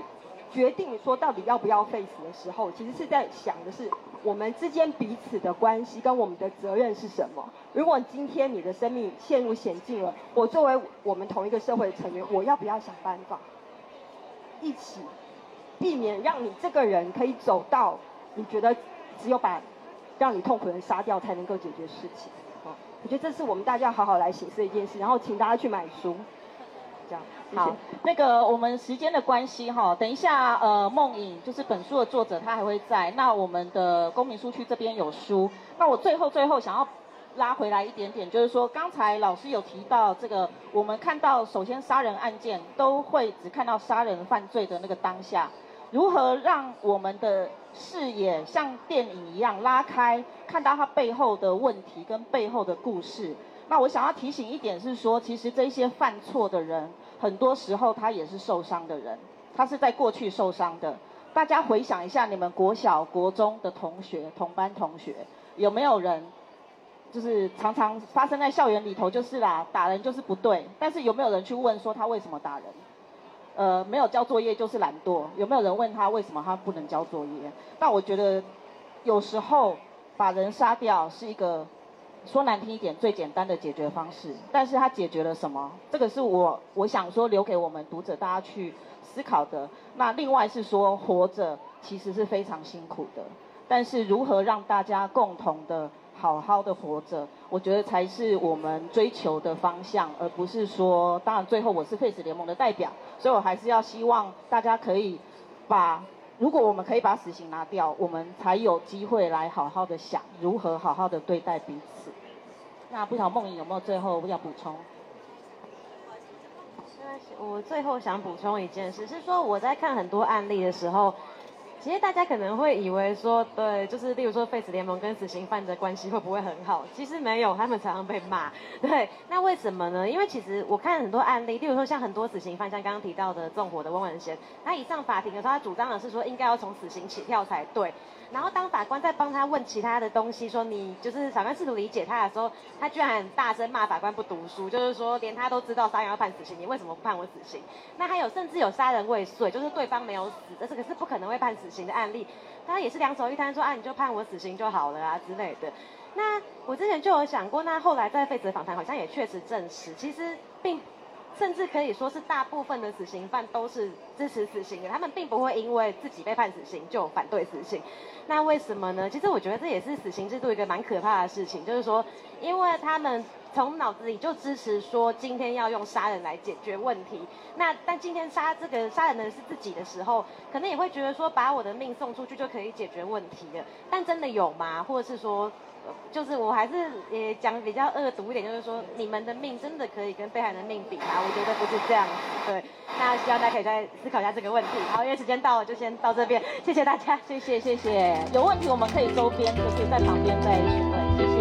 D: 決定說到底要不要廢死的時候，其實是在想的是我們之間彼此的關係跟我們的責任是什麼。如果今天你的生命陷入險境了，我作為我們同一個社會的成員，我要不要想辦法一起避免讓你這個人可以走到你覺得只有把讓你痛苦的人殺掉才能夠解決事情？啊，我覺得這是我們大家要好好來省思一件事，然後請大家去買書。這樣，好，
A: 那個我們時間的關係哈，等一下呃，孟穎就是本書的作者，他還會在。那我們的公民書區這邊有書。那我最後最後想要拉回來一點點，就是說剛才老師有提到這個，我們看到首先殺人案件都會只看到殺人犯罪的那個當下，如何讓我們的視野像電影一樣拉開，看到它背後的問題跟背後的故事。那我想要提醒一點是說，其實這些犯錯的人，很多時候他也是受傷的人，他是在過去受傷的。大家回想一下，你們國小、國中的同學、同班同學，有沒有人，就是常常發生在校園裡頭就是啦，打人就是不對。但是有沒有人去問說他為什麼打人？呃，沒有交作業就是懶惰，有沒有人問他為什麼他不能交作業？那我覺得，有時候把人殺掉是一個。說難聽一點，最簡單的解決方式，但是它解決了什麼？這個是我我想說留給我們讀者大家去思考的。那另外是說，活着其實是非常辛苦的，但是如何讓大家共同的好好的活着，我覺得才是我們追求的方向，而不是說，當然最後我是廢死聯盟的代表，所以我還是要希望大家可以把。如果我們可以把死刑拿掉，我們才有機會來好好的想如何好好的對待彼此。
C: 那不曉得孟
A: 穎有沒有最後
B: 要補充？
C: 我最後想補充一件事，
B: 是說我在看很多案例的時候。其實大家可能會以為說，對，就是例如說，廢死聯盟跟死刑犯的關係會不會很好？其實沒有，他們常常被罵。對，那為什麼呢？因為其實我看很多案例，例如說像很多死刑犯，像剛剛提到的縱火的翁仁賢，他以上法庭的時候，他主張的是說應該要從死刑起跳才對。然後當法官在幫他問其他的東西，說你就是法官試圖理解他的時候，他居然很大聲罵法官不讀書，就是說連他都知道殺人要判死刑，你為什麼不判我死刑？那還有甚至有殺人未遂，就是對方沒有死，但是可是不可能會判死。死刑的案例，他也是兩手一攤說，啊，你就判我死刑就好了啊之類的。那我之前就有想過，那後來在廢死訪談好像也確實證實，其實並甚至可以說是大部分的死刑犯都是支持死刑的，他們並不會因為自己被判死刑就反對死刑。那為什麼呢？其實我覺得這也是死刑制度一個蠻可怕的事情，就是說因為他們。從腦子裡就支持說今天要用殺人來解決問題，那但今天殺這個殺人的人是自己的時候，可能也會覺得說把我的命送出去就可以解決問題了。但真的有嗎？或者是說，就是我還是也講比較惡毒一點，就是說你們的命真的可以跟被害人的命比嗎？我覺得不是這樣。對，那希望大家可以再思考一下這個問題。好，因為時間到了，就先到這邊。謝謝大家，謝謝謝謝。有問題我們可以
C: 周邊，就是在旁邊再詢問。謝謝。